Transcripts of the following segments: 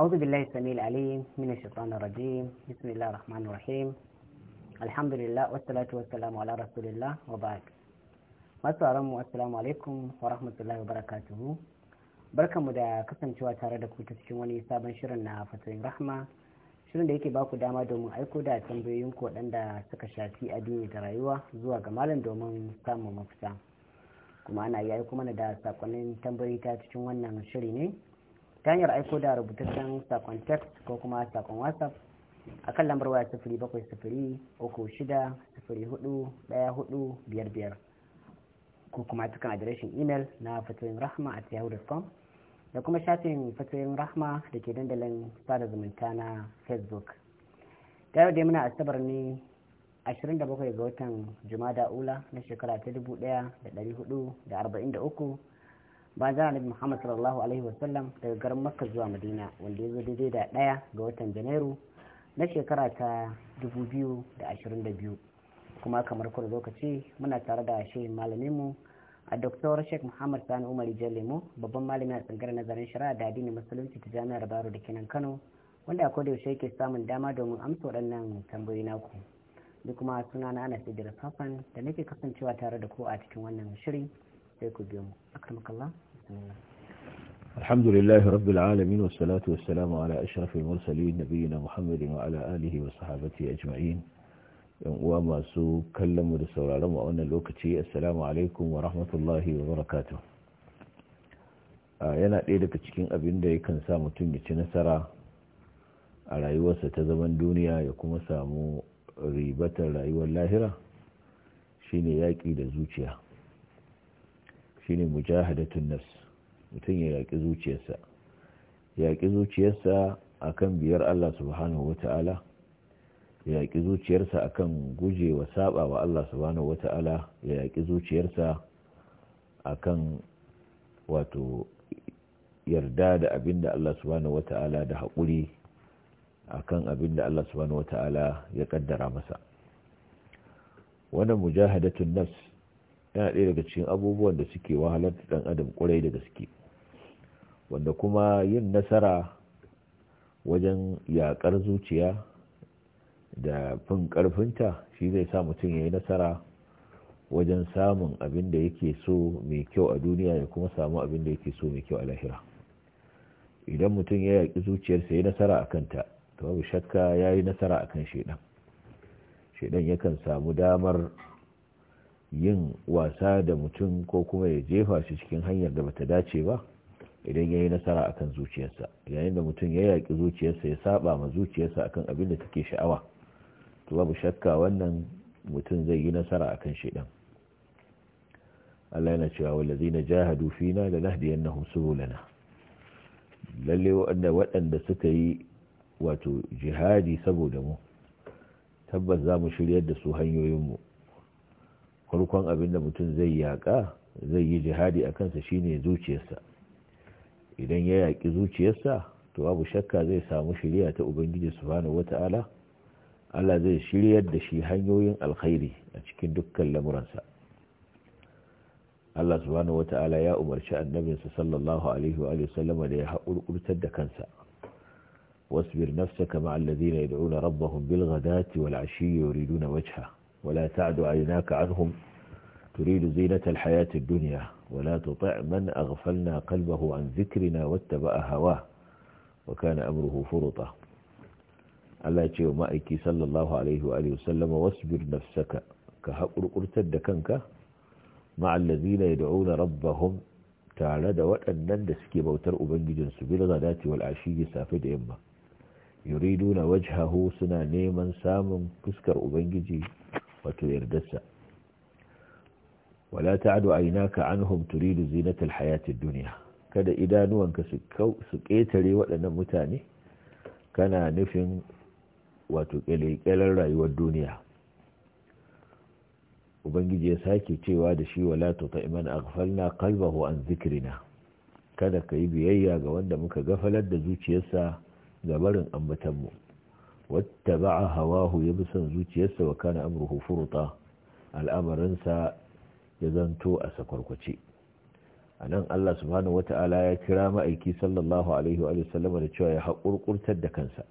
أعوذ بالله السميع العليم من الشيطان الرجيم بسم الله الرحمن الرحيم الحمد لله والصلاة والسلام على رسول الله وبعد masu assalamu alaikum wa rahmatullahi wa barakatuhu barkanmu da kasancewa tare da ku ta cikin wani sabon shirin na fatoyin rahma shirin da yake baku dama domin aiko da tambayoyin ku waɗanda suka shafi addini da rayuwa zuwa ga malam domin samun mafita kuma ana yi aiko mana da sakonnin tambayoyi ta cikin wannan shiri ne ta hanyar aiko da rubutaccen sakon text ko kuma sakon whatsapp a kan lambar waya sifiri bakwai sifiri uku shida sifiri hudu daya hudu biyar biyar ko kuma cikin adireshin imel na fatoyin rahma a tiyahu.com da kuma shafin fatoyin rahma da ke dandalin sada zumunta na facebook ta yau dai muna asabar ne 27 ga watan da ula na shekara ta 1443 bayan jana nabi muhammad sallallahu alaihi wasallam daga garin makka zuwa madina wanda ya zo daidai da ɗaya ga watan janairu na shekara ta biyu. kuma kamar kuwa lokaci muna tare da shi mu a doktor sheikh muhammad sani umar jalemu babban malami a tsangar nazarin shari'a da addinin musulunci ta jami'ar baro da kenan kano wanda a kodayaushe yaushe yake samun dama domin amsa waɗannan tambayoyi naku Ni kuma sunana ana anas idris hassan da nake kasancewa tare da ku a cikin wannan shiri sai ku biyo mu akramakallah الحمد لله رب العالمين والصلاة والسلام على أشرف المرسلين نبينا محمد وعلى آله وصحابته أجمعين وما سو كلموا لسورة لما أن الوقتي السلام عليكم ورحمة الله وبركاته yana ɗaya daga cikin abin da yakan sa mutum ya ci nasara a rayuwarsa ta zaman duniya ya kuma samu ribatar rayuwar lahira shine yaƙi da zuciya shine mujahadatun nas mutum ya yaƙi zuciyarsa yaƙi zuciyarsa akan biyar Allah subhanahu wata'ala ya yaƙi zuciyarsa akan guje wa saba wa Allah subhanahu wata'ala ya yaƙi zuciyarsa akan wato yarda da abinda da Allah subhanahu wata'ala da haƙuri akan abinda da Allah subhanahu wata'ala ya kaddara masa wannan mujahadatun nafs yana ɗaya daga cikin abubuwan da suke wahalar da ɗan adam ƙwarai da gaske wanda kuma yin nasara wajen yaƙar zuciya da fin ƙarfinta shi zai sa mutum ya yi nasara wajen samun abin da yake so mai kyau a duniya da kuma samu abin da yake so mai kyau a lahira idan mutum ya yaƙi zuciyarsa ya nasara a kanta to babu shakka ya yi nasara a kan shaidan shaidan yakan samu damar yin wasa da mutum ko kuma ya jefa shi cikin hanyar da bata dace ba idan ya yi nasara akan zuciyarsa yayin da mutum ya yaƙi zuciyarsa ya saba ma zuciyarsa akan abin da take sha'awa to babu shakka wannan mutum zai yi nasara akan shaidan Allah yana cewa na jahadu fina lanahdiyannahum subulana lalle waɗanda suka yi wato jihadi saboda mu tabbas za mu shiryar da su hanyoyin mu. farkon abin da mutum zai yaƙa zai yi jihadi a kansa shine zuciyarsa idan ya yaƙi zuciyarsa to babu shakka zai samu shirya ta ubangiji subhanahu wata'ala Allah zai shiryar da shi hanyoyin alkhairi a cikin dukkan lamuransa Allah subhanahu wata'ala ya umarci annabinsa sallallahu alaihi wa sallama da ya haƙurƙurtar da kansa wasbir nafsaka ma'al ladina yad'una rabbahum bil ghadati wal 'ashiyyi yuriduna wajha ولا تعد عيناك عنهم تريد زينة الحياة الدنيا ولا تطع من أغفلنا قلبه عن ذكرنا واتبع هواه وكان أمره فرطة ألا تشيو مائكي صلى الله عليه وآله وسلم واسبر نفسك كهقر أرتد كنك مع الذين يدعون ربهم تعالى دوات أنن دسكي بوتر أبنجي جنس بالغداة والعشي سافد إما يريدون وجهه سنانيما نيما سام كسكر أبنجي wato yardarsa wala ta ta'adu aynaka anhum turidu zinata alhayati dunya kada idanuwanka su ketare waɗannan mutane kana nufin wato ƙyalƙyalar rayuwar duniya ubangiji ya sake cewa da shi wala tuta iman aghfalna qalbahu an zikrina kada ka yi biyayya ga wanda muka gafalar da zuciyarsa ga barin ambatanmu wattaba'a hawahu ya bi son zuciyarsa wa kana amruhu furuta al'amarinsa ya zanto a sakwarkwace a nan Allah subhanahu wata'ala ya kira ma'aiki sallallahu alaihi wa sallama da cewa ya haƙurƙurtar da kansa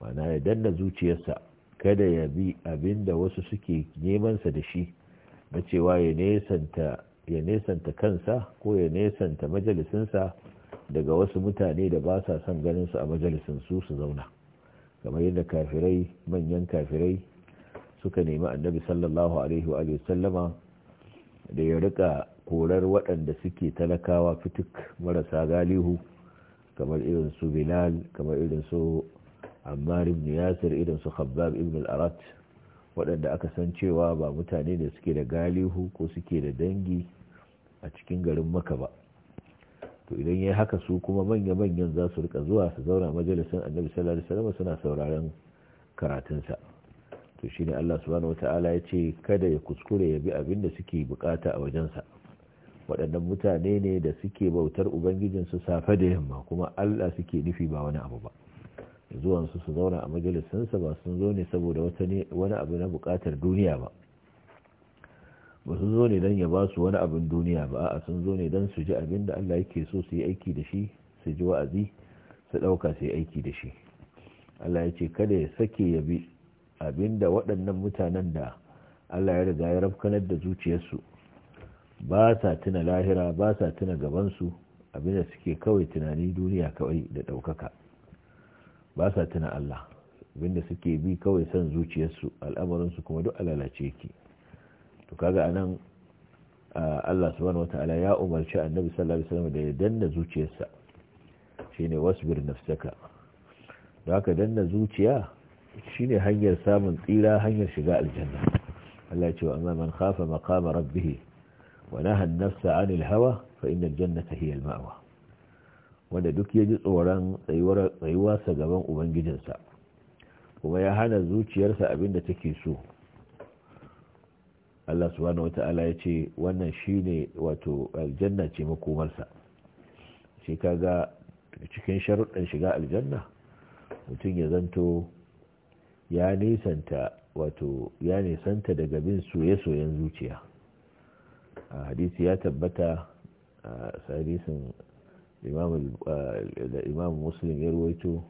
mana ya danna zuciyarsa kada ya bi abin da wasu suke nemansa da shi na cewa ya nesanta kansa ko ya nesanta majalisinsa daga wasu mutane da ba sa son ganin su a majalisinsu su su zauna kamar yadda kafirai manyan kafirai suka nemi annabi sallallahu alaihi wa sallama da ya rika korar waɗanda suke talakawa fituk marasa galihu kamar irin su bilal kamar irin su ammar ibn yasir irin su khabbab ibn al-arat waɗanda aka san cewa ba mutane da suke da galihu ko suke da dangi a cikin garin maka ba to idan ya haka su kuma manya-manyan za su rika zuwa su zauna majalisin annabi sallallahu alaihi wasallam suna sauraron karatunsa to shine Allah subhanahu wataala ya ce kada ya kuskure ya bi abin da suke bukata a wajensa waɗannan mutane ne da suke bautar ubangijinsu safe da yamma kuma Allah suke nufi ba wani abu ba zuwansu su zauna a majalisinsa ba sun zo ne saboda wani abu na bukatar duniya ba ba sun zo ne don ya ba su wani abin duniya ba a sun zo ne don su ji abin da Allah yake so su yi aiki da shi su ji wa'azi su ɗauka su yi aiki da shi Allah ya ce kada ya sake ya bi abin da waɗannan mutanen da Allah ya riga ya rafkanar da zuciyarsu ba sa tuna lahira ba sa tuna gabansu abin da suke kawai tunani duniya kawai da ɗaukaka ba sa tuna Allah abin da suke bi kawai son zuciyarsu al'amarinsu kuma duk alalace yake to kaga anan Allah subhanahu wata'ala ya umarci annabi sallallahu alaihi wasallam da ya danna zuciyarsa shine wasbir nafsaka don haka danna zuciya shine hanyar samun tsira hanyar shiga aljanna Allah ya ce wa amma man khafa maqama rabbih wa naha an-nafsa hawa fa innal jannata hiya al-ma'wa wanda duk ya ji tsoron tsayuwarsa gaban ubangijinsa kuma ya hana zuciyarsa abinda take so Allah subhanahu ala ya ce wannan shine wato aljanna ce makomarsa shi kaga cikin sharuɗin shiga aljanna mutum ya zanto ya nisanta wato ya nisanta daga bin soye-soyen zuciya a hadisi ya tabbata a hadisin imam muslim ya ruwaito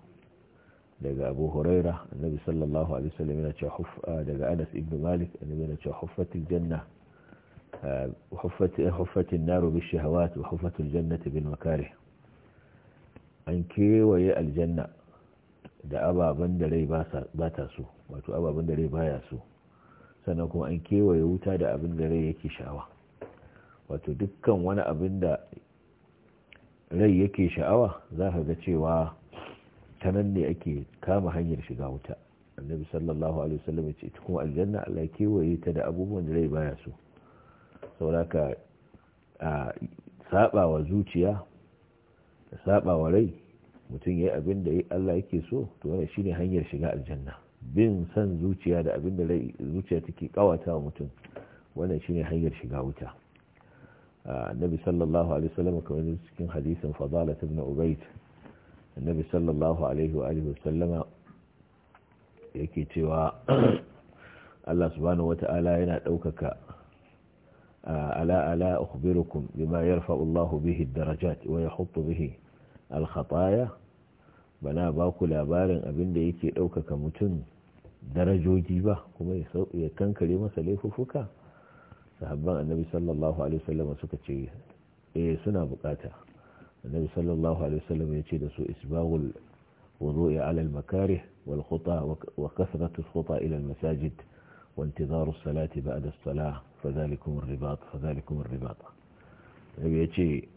daga abu huraira annabi sallallahu alaihi wasallam yana cewa ah, daga anas ibn malik annabi yana cewa huffatul janna ah, huffatul naru bi shahawat wa huffatul jannati bil makarih an kewaye aljanna da ababen da rai ba ta so wato ababen da rai baya so sannan kuma an kewaye wuta da abin da rai yake sha'awa wato dukkan wani abin da rai yake sha'awa za ka ga cewa ta nan ne ake kama hanyar shiga wuta annabi sallallahu alaihi wasallam ce ita kuma aljanna Allah ya kewaye ta da abubuwan da rai baya so sauraka a saba wa zuciya da saba wa rai mutum yayi abin da Allah yake so to wannan shine hanyar shiga aljanna bin san zuciya da abin da rai zuciya take kawata wa mutum wannan shine hanyar shiga wuta annabi sallallahu alaihi wasallam kamar cikin hadisin fadalah ibn ubayd annabi sallallahu alaihi wa alihi yake cewa Allah subhanahu wata'ala yana ɗaukaka ala'ala ala ukhbirukum bima yarfa'u bihi darajat wa yahuttu bihi al bana ba ku labarin abin da yake ɗaukaka mutum darajoji ba kuma ya kankare masa laifuffuka sahabban annabi sallallahu alaihi wasallam suka ce eh suna bukata النبي صلى الله عليه وسلم يشيد سوء إسباغ الوضوء على المكاره والخطى وكثرة الخطى إلى المساجد وانتظار الصلاة بعد الصلاة فذلكم الرباط فذلكم الرباط النبي يشي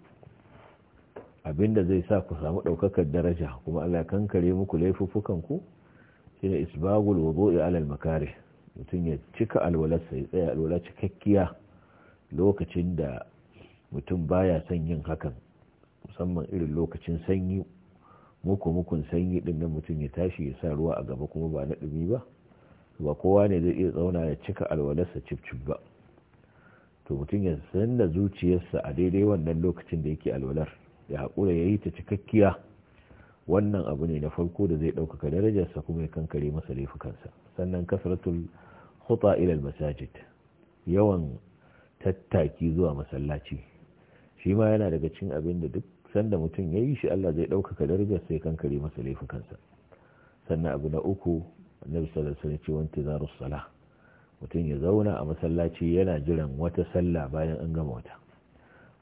abinda zai sa ku samu ɗaukakar daraja kuma Allah kankare muku laifuffukanku shine isbagul wudu'i alal makarih mutum ya cika alwalarsa ya tsaya alwala cikakkiya lokacin da mutum baya son yin hakan musamman irin lokacin sanyi muku mukun sanyi din nan mutum ya tashi ya sa ruwa a gaba kuma ba na dumi ba ba kowa ne zai iya tsauna ya cika alwalarsa cif ba to mutum ya san da zuciyarsa a daidai wannan lokacin da yake alwalar ya haƙura ya yi ta cikakkiya wannan abu ne na farko da zai ɗaukaka darajarsa kuma ya kankare masa laifukansa sannan kasratul hutsa ilal masajid yawan tattaki zuwa masallaci shi ma yana daga cin abin da duk sanda mutum ya yi shi Allah zai ɗaukaka darajar sai kankare masa laifukansa sannan abu na uku na sallallahu alaihi wasallam wanti zarus mutum ya zauna a masallaci yana jiran wata sallah bayan an gama wata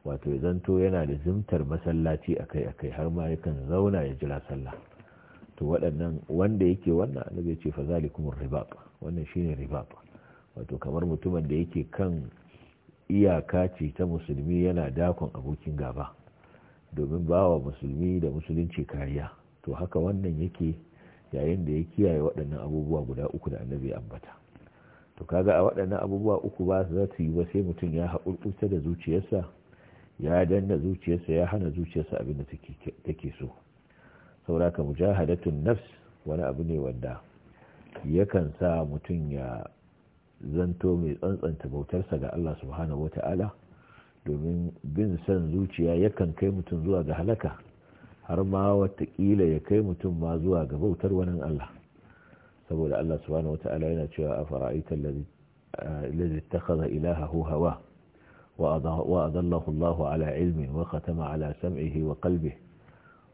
wato ya zanto yana da zimtar masallaci akai akai har ma yakan zauna ya jira sallah to waɗannan wanda yake wannan annabi ya ce fa kuma ribab wannan shine ribab wato kamar mutumin da yake kan iyaka ce ta musulmi yana dakon abokin gaba domin ba wa musulmi da musulunci kariya to haka wannan yake yayin da ya kiyaye waɗannan abubuwa guda uku da annabi ambata to kaga a waɗannan abubuwa uku ba za su yi ba sai mutum ya haƙurƙurta da zuciyarsa ya danna zuciyarsa ya hana zuciyarsa abin da take so sauraka mujahadatun nafs wani abu ne wanda yakan sa mutum ya zanto mai tsantsanta bautarsa ga Allah subhanahu wa ta'ala domin bin son zuciya yakan kai mutum zuwa ga halaka har ma watakila ya kai mutum ma zuwa ga bautar wani Allah saboda Allah subhanahu wa ta'ala yana cewa a fara'ita lazi takaza ilahahu hawa wa adallahu Allah ala ilmi wa khatama ala sam'ihi wa kalbi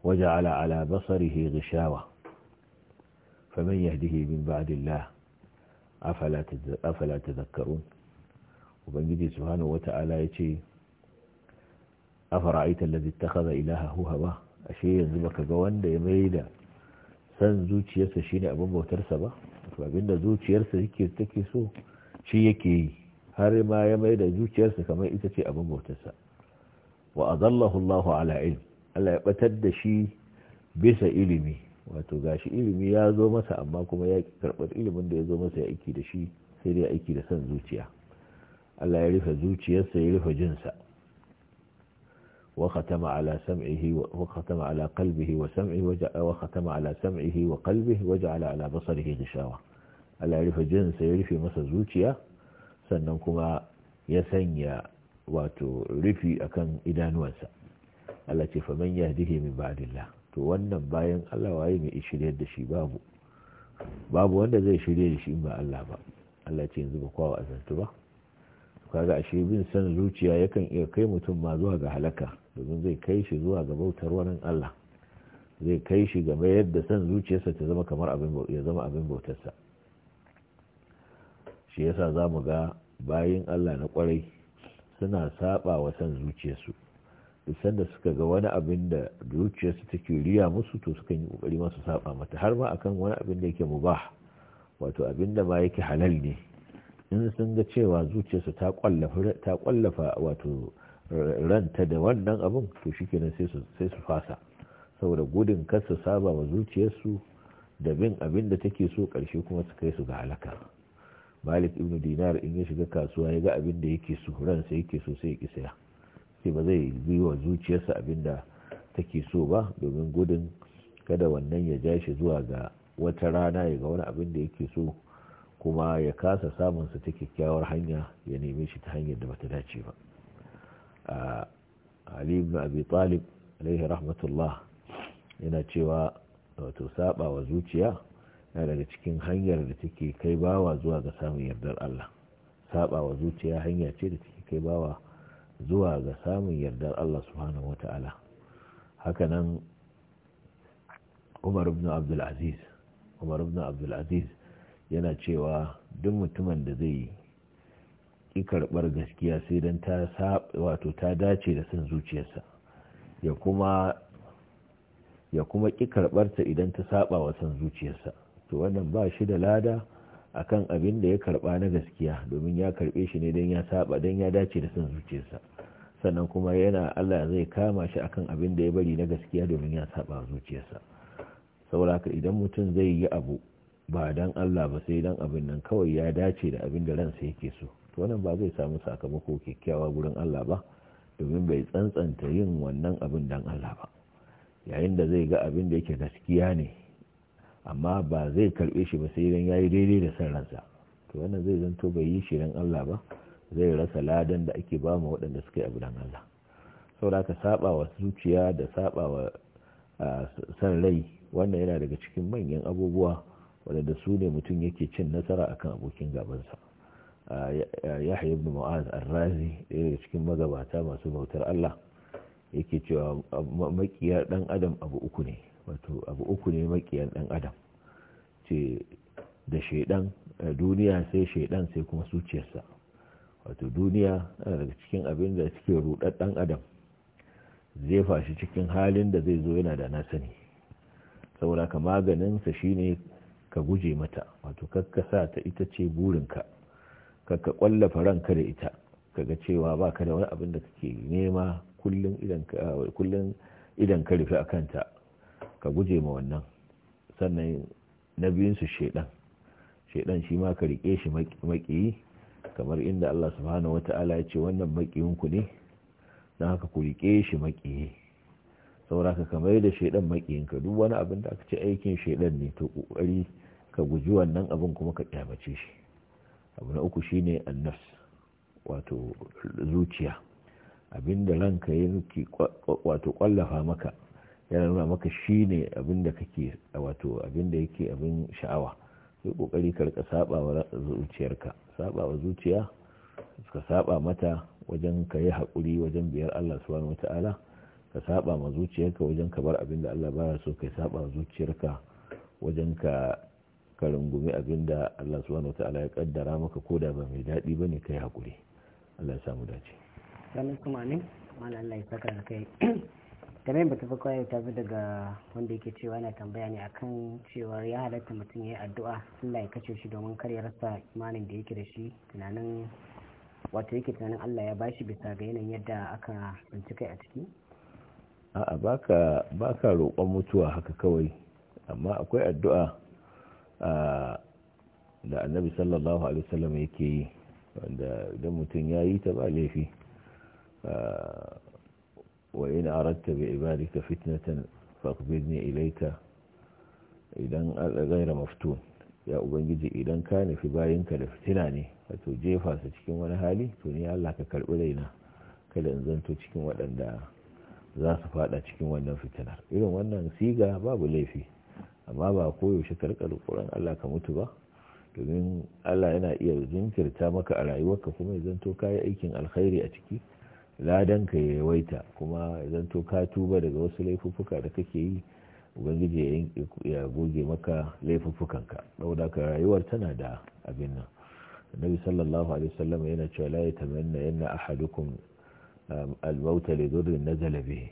wa ja'ala ala basarihi ghishawa faman yahdihi min ba'dillah afala zakaru ubangiji subhanahu wata'ala yace afara'aita allazi ittakhadha ilahahu hawa ashe yanzu baka ga wanda ya da san zuciyarsa ne abin bautarsa ba to abinda zuciyarsa yake take so shi yake yi har ma ya maida zuciyarsa kamar ita ce abin bautarsa wa adallahu Allahu ala ilm Allah ya batar da shi bisa ilimi wato gashi ilimi ya zo masa amma kuma ya karɓar ilimin da ya zo masa ya aiki da shi sai dai aiki da son zuciya Allah ya rufe zuciyarsa ya rufe jinsa وختم على سمعه وختم على قلبه وسمعه وختم على سمعه وقلبه وجعل على بصره غشاوة ألا يعرف جنس يعرف مسا زوجيا سننكما يسنيا وتعرفي أكن إدان وانسا التي فمن يهده من بعد الله to wannan bayan Allah waye mai shirye da shi babu babu wanda zai shirye da shi ba Allah ba Allah ce yanzu ba kwa azantu ba kaga ashe bin san zuciya yakan iya kai mutum ma zuwa ga halaka domin zai kai shi zuwa ga bautar wani Allah zai kai shi game yadda san zuciyarsa ta zama kamar abin ya zama abin bautarsa shi yasa zamu ga bayin Allah na kwarai suna saba wa san zuciyarsu sanda suka ga wani abin da zuciyarsu take riya musu to sukan yi kokari masu saba mata har ma akan wani abin da yake mubah wato abin da ma yake halal ne in sun ga cewa zuciyarsu ta kwallafa ta kwallafa wato ranta da wannan abin to shikenan sai su sai su fasa saboda gudun kasa su saba wa zuciyarsu da bin abin da take so karshe kuma su kai su ga halaka malik ibnu dinar in ya shiga kasuwa ya ga abin da yake so ransa yake so sai ya ki saya sai ba zai bi wa zuciyarsa abinda take so ba domin gudun kada wannan ya ja shi zuwa ga wata rana ya ga wani abin da yake so kuma ya kasa samunsa ta kyakkyawar hanya ya neme shi ta hanyar da bata dace ba ali ibn abi talib alaihi rahmatullah yana cewa wato saba wa zuciya na daga cikin hanyar da take kai bawa zuwa ga samun yardar Allah saba wa zuciya hanya ce da take kai bawa zuwa ga samun yardar Allah subhanahu wata'ala hakanan Umar ibn Abdul Aziz Umar ibn Abdul yana cewa duk mutumin da zai yi karɓar gaskiya sai don ta wato ta dace da son zuciyarsa ya kuma ya kuma ƙi karɓarta idan ta saba wa san zuciyarsa to wannan ba shi da lada akan abin da ya karba na gaskiya domin ya karbe shi ne don ya saba don ya dace da son zuciyarsa sannan kuma yana Allah zai kama shi akan abin da ya bari na gaskiya domin ya saba zuciyarsa saboda idan mutum zai yi abu ba dan Allah ba sai dan abin nan kawai ya dace da abin da ransa yake so to wannan ba zai samu sakamako kyakkyawa wurin Allah ba domin bai tsantsanta yin wannan abin dan Allah ba yayin da zai ga abin da yake gaskiya ne amma ba zai karbe shi ba sai idan ya yi daidai da san ransa to wannan zai zanto bai yi shi dan Allah ba zai rasa ladan da ake ba mu waɗanda suka yi abu dan Allah saboda ka saba wa zuciya da saba wa san rai wannan yana daga cikin manyan abubuwa waɗanda su ne mutum yake cin nasara akan abokin gabansa yahya ibn mu'az ar-razi ɗaya daga cikin magabata masu bautar Allah yake cewa makiya ɗan adam abu uku ne wato abu uku ne makiyan ɗan adam ce da shaidan eh, duniya sai shaidan sai kuma zuciyarsa wato duniya daga cikin abin da suke rudar dan adam zai fashi cikin halin da zai zo yana da na sani saboda ka maganinsa shine ka guje mata wato sa ta ita ce burinka kakka kwallafa ranka da ita kaga cewa ba ka da wani abin da kake nema kullum idan ka rufe a kanta ka guje ma wannan sannan na biyun su shaidan shaidan shi ma ka rike shi makiyi kamar inda Allah subhanahu wata'ala ya ce wannan makiyin ku ne don haka ku rike shi makiyi saboda ka kamar da shaidan makiyin ka duk wani abin da aka ce aikin shaidan ne to kokari ka guji wannan abin kuma ka kyamace shi abu na uku shine annas wato zuciya abinda ranka yake wato kwallafa maka ya nuna maka shi ne abin da kake wato abin da yake abin sha'awa sai kokari ka rika saba wa zuciyarka saba wa zuciya ka saba mata wajen ka yi haƙuri wajen biyar Allah subhanahu wata'ala ka saba ma zuciyarka wajen ka bar abin da Allah baya so ka saba wa zuciyarka wajen ka ka rungumi abin da Allah subhanahu wata'ala ya kaddara maka koda ba mai daɗi bane kai haƙuri Allah ya samu dace. Salamu alaikum malam Allah ya saka kai game ba ta bakwai ta ta daga wanda yake cewa yana tambaya ne akan cewa ya halatta mutum ya yi addu'a Allah ya kace shi domin kar ya rasa imanin da yake da shi tunanin wato yake tunanin Allah ya bashi bisa ga yanayin yadda aka tsinci a ciki a'a baka baka roƙon mutuwa haka kawai amma akwai addu'a da annabi sallallahu alaihi wasallam yake yi wanda idan mutum ya yi ta ba laifi وإن أردت بعبادك فتنة فاقبضني إليك إذن غير مفتون ya ubangiji idan ka nufi bayanka da fitina ne wato jefa su cikin wani hali to ni Allah ka karbi raina kada in zanto cikin waɗanda za su fada cikin wannan fitinar irin wannan siga babu laifi amma ba koyaushe karkar ƙuran Allah ka mutu ba domin Allah yana iya jinkirta maka a rayuwarka kuma ya zanto kayi aikin alkhairi a ciki ladanka ya yawaita kuma idan to ka tuba daga wasu laifuffuka da kake yi ubangiji ya goge maka laifuffukanka saboda ka rayuwar tana da abin nan annabi sallallahu alaihi wasallam yana cewa la yatamanna inna ahadukum um, al-maut li dhurri nazala bihi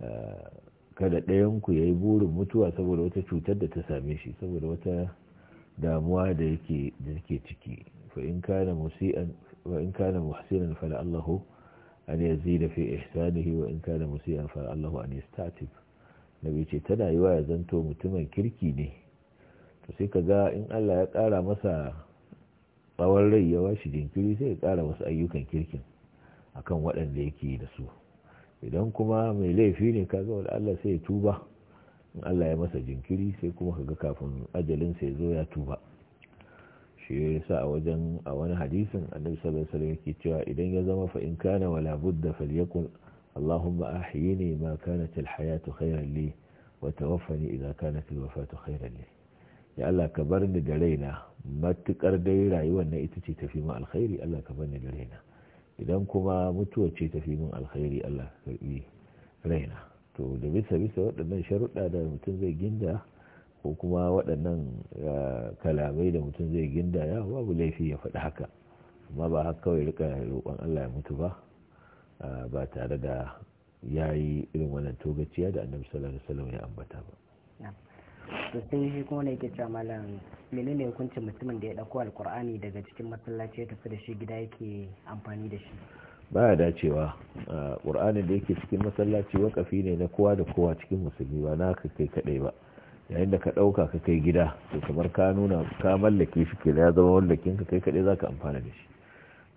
uh, kada ɗayan ku yayi burin mutuwa saboda wata cutar da ta same shi saboda wata damuwa da yake da yake ciki fa in kana musian وإن كان محسنا فلعله أن يزيد في إحسانه وإن كان مسيئا فلعله أن يستعتب nabi ce tana yi ya zanto mutumin kirki ne to sai ka ga in Allah ya ƙara masa tsawon rai ya washi jinkiri sai ya ƙara wasu ayyukan kirkin akan waɗanda yake da su idan kuma mai laifi ne kaga wani Allah sai ya tuba in Allah ya masa jinkiri sai kuma kaga kafin ajalin sai zo ya tuba ya sa a wajen a wani hadisin annabi sallallahu alaihi yake cewa idan ya zama fain kana wala budda falyakun allahumma ahyini ma kanat alhayatu khayran li wa idan kana kanat alwafatu khayran li ya Allah ka bar ni da raina matukar dai rayuwar na ita ce tafi min alkhairi Allah ka bar ni da raina idan kuma mutuwa ce tafi min alkhairi Allah ka karbi raina to da bisa bisa waɗannan sharuɗa da mutum zai ginda ko kuma waɗannan eh, kalamai da mutum zai ginda gindaya babu laifi ya faɗi haka amma ba haka kawai rika roƙon Allah ya mutu ba eh, ba tare da ya yi irin wannan togaciya da annabi sallallahu alaihi wasallam ya ambata ba to sai shi kuma ne yake cewa malam menene hukuncin mutumin da ya dauko alkur'ani daga cikin masallaci ya tafi da shi gida yake amfani da shi baya dacewa eh, qur'anin da yake cikin masallaci wakafi ne na kowa da kowa cikin musulmi ba na kai kadai ba yayin da ka ɗauka ka kai gida to kamar ka nuna ka mallake shi ke ya zama mallakin ka kai kaɗai za ka amfana da shi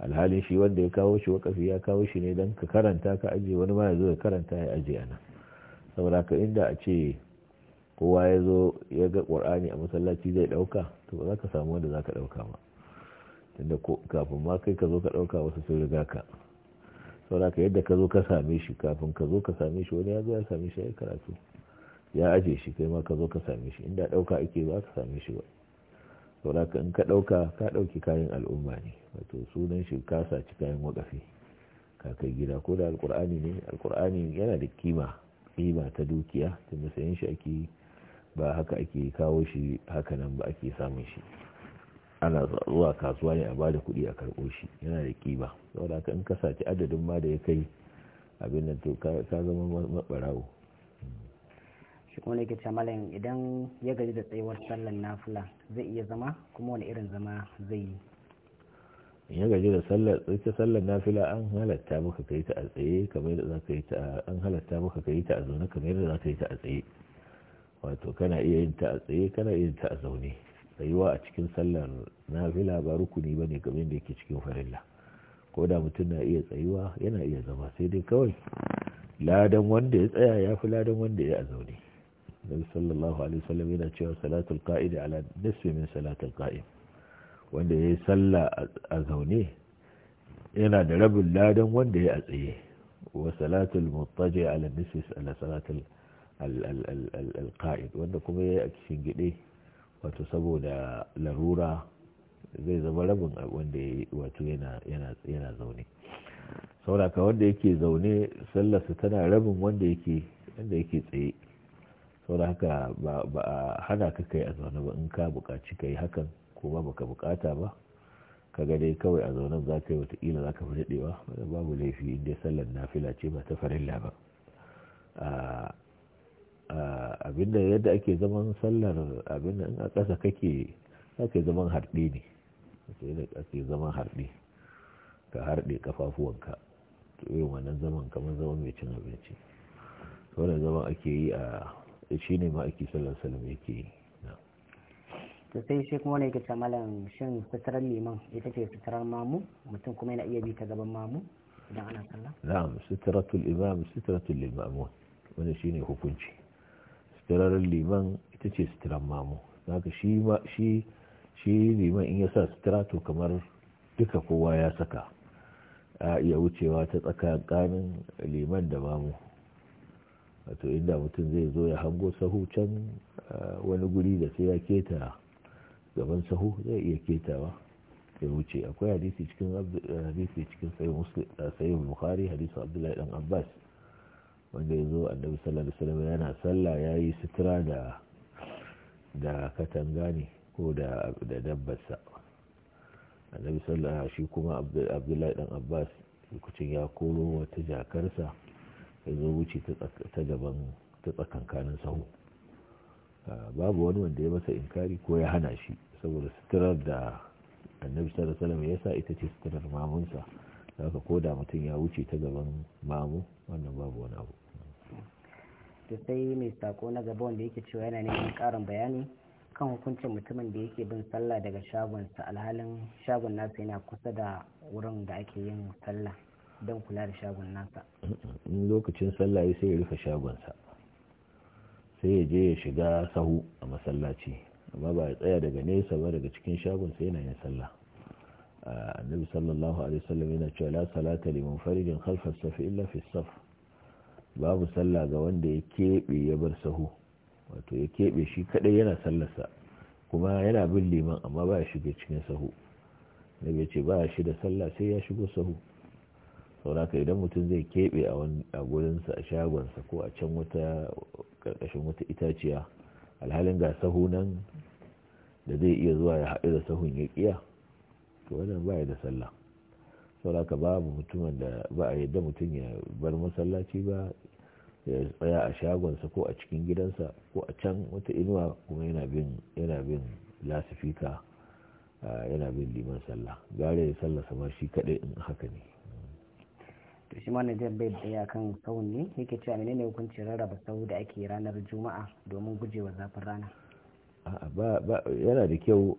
alhalin shi wanda ya kawo shi wakafi ya kawo shi ne don ka karanta ka ajiye wani ma ya zo ya karanta ya aje ana saboda ka inda a ce kowa ya zo ya ga ƙwar'ani a masallaci zai ɗauka to ba za ka samu wanda za ka ɗauka ba tunda kafin ma kai ka zo ka ɗauka wasu sun riga ka saboda ka yadda ka zo ka same shi kafin ka zo ka same shi wani ya zo ya same shi ya karatu ya aje shi kai ma ka zo ka same shi inda ɗauka ake za ka same shi ba saboda ka in ka dauka ka ɗauki kayan al'umma ne wato sunan shi ka saci kayan wakafi ka kai gida ko da alkur'ani ne alkur'ani yana da kima kima ta dukiya ta matsayin shi ake ba haka ake kawo shi haka nan ba ake samun shi ana zuwa kasuwa ne a ba da kuɗi a karɓo shi yana da kima saboda in ka saci adadin ma da ya kai abin nan to ka zama maɓarawo kuma ne ke malam idan ya gaji da tsayuwar sallar nafila zai iya zama kuma wani irin zama zai yi ya gaji da sallar tsayuwar sallar nafila an halatta maka kai ta a tsaye kamar yadda za ka yi ta an halatta maka kai ta a zaune kamar yadda za ka yi ta a tsaye wato kana iya yin ta a tsaye kana iya yin ta a zaune tsayuwa a cikin sallar nafila ba rukuni ba ne kamar yadda yake cikin farilla ko da mutum na iya tsayuwa yana iya zama sai dai kawai ladan wanda ya tsaya ya fi ladan wanda ya a zaune nabi sallallahu alaihi wasallam yana cewa salatul qa'id ala nisfi min salatul qa'im wanda yayi sallah a zaune yana da rabin ladan wanda ya a tsaye wa salatul muttaji ala nisfi ala salatul alqa'id wanda kuma yayi a cikin gide wato saboda larura zai zama rabin wanda ya wato yana zaune sauraka wanda yake zaune sallarsa tana rabin wanda yake tsaye saboda haka ba a hana ka kai a zaune ba in ka buƙaci ka yi hakan ko ba baka buƙata ba ka ga dai kawai a zaune za ka yi watakila za ka fi daɗewa babu laifi inda sallar nafila ce ba ta farilla ba abinda yadda ake zaman sallar abinda in a ƙasa kake ake zaman harɗe ne ake zaman harɗe ka harɗe kafafuwanka to irin wannan zaman kamar zaman mai cin abinci wannan zaman ake yi a Eh, shi ne ma'aiki sallallahu alaihi yake yi to sai shi kuma ne yake ce malam shin sutaran liman ita ce sutaran mamu mutum kuma yana iya bi ta gaban mamu idan ana sallah na'am suturatul imam suturatul limamun wani shine hukunci sutaran liman ita ce sutaran mamu zaka shi ma shi shi liman in ya sa to kamar duka kowa ya saka a iya wucewa ta tsakanin liman da mamu wato inda mutum zai zo ya hango sahu can eh, wani guri da sai ya keta gaban sahu zai iya ketawa ya wuce akwai hadisi cikin eh, hadisi cikin sayin eh, bukhari hadisin abdullahi dan abbas wanda ya zo annabi sallallahu alaihi wasallam yana sallah yi sutura da da katanga ne ko da da dabbarsa annabi sallallahu shi kuma abdullahi dan abbas lokacin ya koro wata jakarsa ya zo wuce ta gaban ta tsakankanin sahu ah, babu wani wanda ya masa inkari ko ya hana shi saboda suturar da annabi sallallahu alaihi ya sa ita ce suturar mamunsa haka ko da mutum ya wuce ta gaban mamu wannan babu wani abu to sai mai sako na gaba wanda yake cewa yana neman karin bayani kan hukuncin mutumin da yake bin sallah daga shagonsa alhalin shagon nasa yana kusa da wurin da ake yin sallah don kula da shagon nasa in lokacin sallah sai ya rufe shagonsa sai ya je ya shiga sahu a masallaci amma ba ya tsaya daga nesa ba daga cikin shagon sai yana yin sallah annabi sallallahu alaihi wasallam yana cewa la salata liman farijin khalfa safi illa fi saf babu sallah ga wanda ya kebe ya bar sahu wato ya kebe shi kadai yana sallarsa kuma yana bin liman amma ba ya shiga cikin sahu nabi ya ce ba shi da sallah sai ya shigo sahu sauraka idan mutum zai keɓe a gurinsa a shagonsa ko a can wata ƙarƙashin wata itaciya alhalin ga sahunan da zai iya zuwa ya haɗu da sahun ya ƙiya to wannan baya da sallah sauraka babu mutumin da ba a yadda mutum ya bar masallaci ba ya tsaya a shagonsa ko a cikin gidansa ko a can wata inuwa kuma yana bin bin lasifika yana bin liman sallah gare ya sallasa ma shi kaɗai in haka ne to shi ma na bai daya kan sauyin ne yake cewa menene hukuncin rarraba sau da ake ranar juma'a domin gujewa zafin rana yana da kyau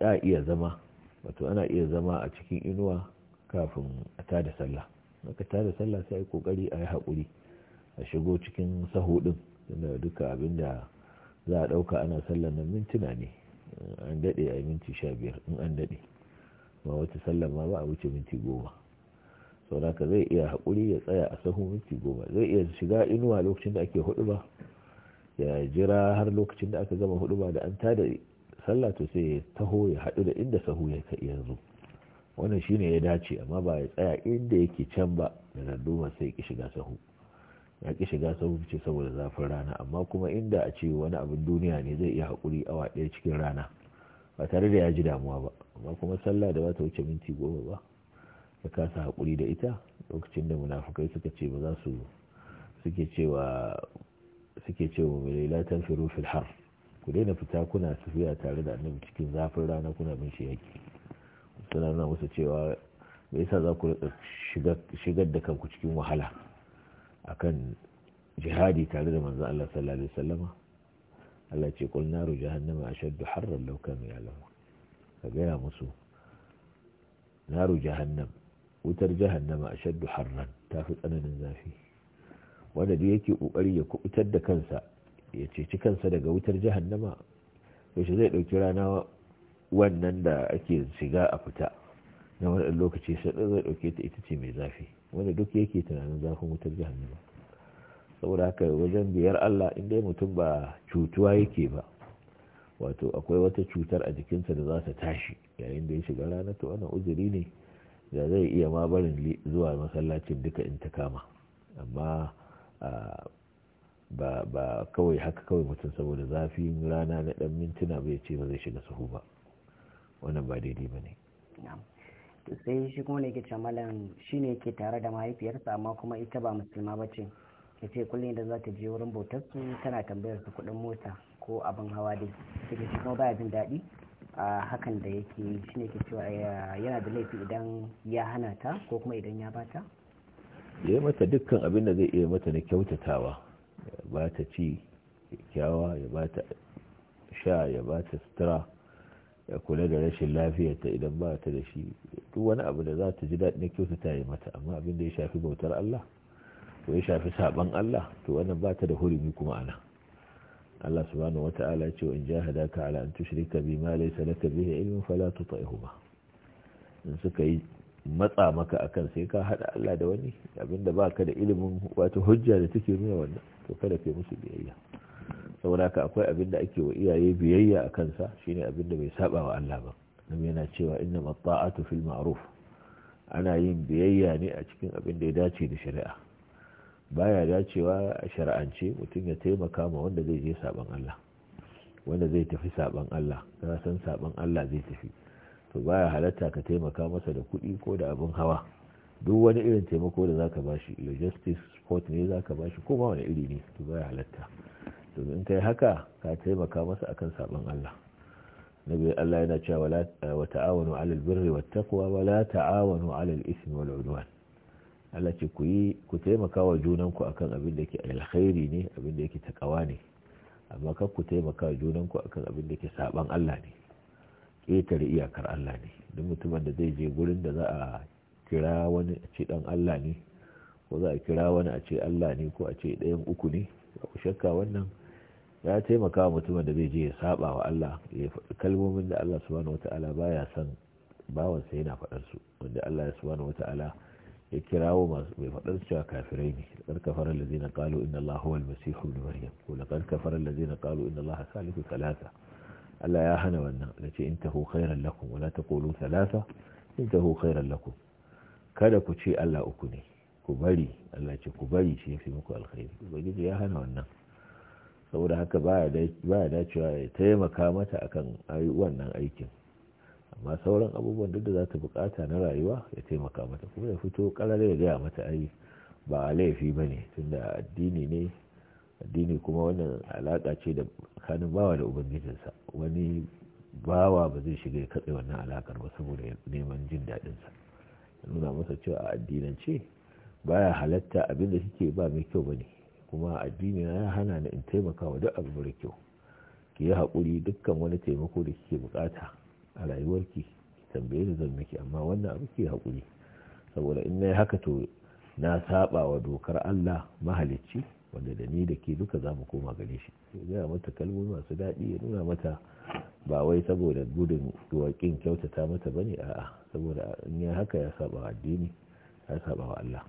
a iya zama wato ana iya zama a cikin inuwa kafin a ta da sallah ta da sallah sai a yi kokari a yi haƙuri a shigo cikin saho ɗin tunda duka abin za a ɗauka ana sallar na mintuna ne an daɗe a minti sha biyar in an daɗe ba wata sallar ma ba a wuce minti goma sau da zai iya haƙuri ya tsaya a sahun minti goma zai iya shiga inuwa lokacin da ake hudu ba ya jira har lokacin da aka gama hudu ba da an tada sallah to sai ya taho ya haɗu da inda sahu ya ka zo wannan shine ya dace amma ba ya tsaya inda yake can ba da danduma sai ki shiga sahu ya ki shiga sahu ce saboda zafin rana amma kuma inda a ce wani abin duniya ne zai iya haƙuri awa ɗaya cikin rana ba tare da ya ji damuwa ba amma kuma sallah da ba ta wuce minti goma ba ka kasa haƙuri da ita lokacin da munafukai suka ce ba za su suke cewa suke cewa mai latan firu har ku daina fita kuna tafiya tare da annabi cikin zafin rana kuna bin shi yaki suna nuna musu cewa me yasa za ku shigar da kanku cikin wahala akan jihadi tare da manzon Allah sallallahu alaihi wasallama Allah ce kul naru jahannama ashaddu harran law kanu ya'lamun ka gaya musu naru jahannam wutar jahannama a shaddu harran ta fi tsananin zafi wanda duk yake kokari ya kubutar da kansa ya ceci kansa daga wutar jahannama yaushe zai dauki rana wannan da ake shiga a fita na wani lokaci sai zai dauke ta ita ce mai zafi wanda duk yake tunanin zafin wutar jahannama saboda haka wajen biyar Allah in dai mutum ba cutuwa yake ba wato akwai wata cutar a jikinsa da za ta tashi yayin da ya shiga rana to wannan uzuri ne da zai iya ma barin zuwa masallacin duka in ta kama amma ba kawai haka kawai mutum saboda zafin rana na dan mintuna bai ce ba zai shiga sahu ba wannan ba daidai ba ne sai shi kuma ne ke camalan shi ne ke tare da mahaifiyarsa amma kuma ita ba musulma ba ce ya ce kullum da za ta je wurin bautar bautarsu tana tambayar su kudin mota ko abin hawa dai take shi kuma ya jin daɗi hakan da yake shi ne ke cewa yana da laifi idan ya hana ta ko kuma idan ya bata ya yi mata dukkan abin da zai iya mata na kyautatawa ya ba ta ci kyawa ya ba ta sha ya ba ta sutura ya kula da rashin lafiyarta idan ba ta da shi duk wani abu da za ta ji daɗi na kyautata ya mata amma abin da ya shafi bautar Allah ko ya shafi saban Allah to wannan ba ta da hurumi kuma anan Allah subhanahu wata'ala ce in jahadaka ala an tushrika bi ma laysa laka bihi ilmun fala tuti'huma in suka yi matsa maka akan sai ka hada Allah da wani abinda baka da ilimin wata hujja da take nuna wannan to kada kai musu biyayya saboda ka akwai abinda ake wa iyaye biyayya a kansa shine abinda bai saba wa Allah ba nan yana cewa inna ta'atu fil ma'ruf ana yin biyayya ne a cikin abin da ya dace da shari'a baya dacewa a shari'ance mutum ya taimaka ma wanda zai je saban Allah wanda zai tafi saban Allah ka san saban Allah zai tafi to baya halatta ka taimaka masa da kuɗi ko da abin hawa duk wani irin taimako da zaka bashi logistics sport ne zaka bashi ko ma wani iri ne to baya halatta to in kai haka ka taimaka masa akan saban Allah nabi Allah yana cewa wa ta'awanu 'alal birri wat taqwa wa la ta'awanu 'alal ismi wal 'udwan Allah ce ku yi ku taimaka wa junanku akan abin da yake alkhairi ne abin da yake takawa ne amma kan ku taimaka wa junanku akan abin da yake saban Allah ne ƙetar iyakar Allah ne duk mutumin da zai je gurin da za a kira wani a ce dan Allah ne ko za a kira wani a ce Allah ne ko a ce ɗayan uku ne ku shakka wannan ya taimaka wa mutumin da zai je ya saba wa Allah ya faɗi kalmomin da Allah subhanahu wata'ala baya son bawansa yana faɗar wanda Allah subhanahu wata'ala ya kirawo masu bai faɗar cewa kafirai ne laqad kafara allazina qalu inna allaha huwa al-masih ibn maryam ko laqad kafara allazina qalu inna allaha salihu thalatha Allah ya hana wannan da ce in taho khairan lakum wala taqulu thalatha in taho khairan lakum kada ku ce Allah uku ne ku bari Allah ce ku bari shi yafi muku alkhairi ubangiji ya hana wannan saboda haka ba ya dacewa ya taimaka mata akan wannan aikin amma sauran abubuwan duk da za ta bukata na rayuwa ya taimaka mata kuma ya fito karar ya gaya mata ai ba a laifi ba ne tunda addini ne addini kuma wannan alaka ce da kanin bawa da ubangijinsa wani bawa ba zai shiga ya katse wannan alaƙar ba saboda neman jin daɗinsa nuna masa cewa a addinance baya halatta abin da kike ba mai kyau ba ne kuma addini na ya hana ni in taimaka wa duk abu mara kyau ki yi haƙuri dukkan wani taimako da kike bukata a rayuwarki ki tambaye da zan miki amma wannan abu ke haƙuri saboda in na haka to na saba wa dokar Allah mahalicci wanda da ni da ke duka za mu koma gare shi ya mata kalmomi masu daɗi ya nuna mata ba wai saboda gudun duwakin kyautata mata bane a'a saboda in ya haka ya saba addini ya saba wa Allah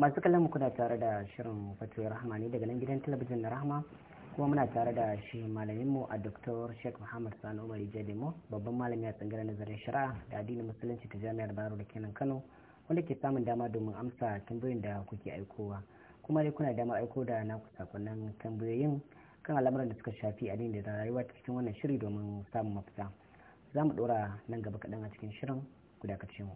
masu kallon kuna tare da shirin fatoyi rahama ne daga nan gidan talabijin na rahama kuma muna tare da shi malaminmu a Dr. Sheikh Muhammad Sani Umar Jadimo babban malami a tsangirar nazarin shari'a da addinin musulunci ta Jami'ar baro da kenan Kano wanda ke samun dama domin amsa tambayoyin da kuke aikowa kuma dai kuna dama aiko da naku sakonnin tambayoyin kan al'amuran da suka shafi addini da rayuwa cikin wannan shiri domin samun mafita za mu ɗora nan gaba kaɗan a cikin shirin ku dakace mu.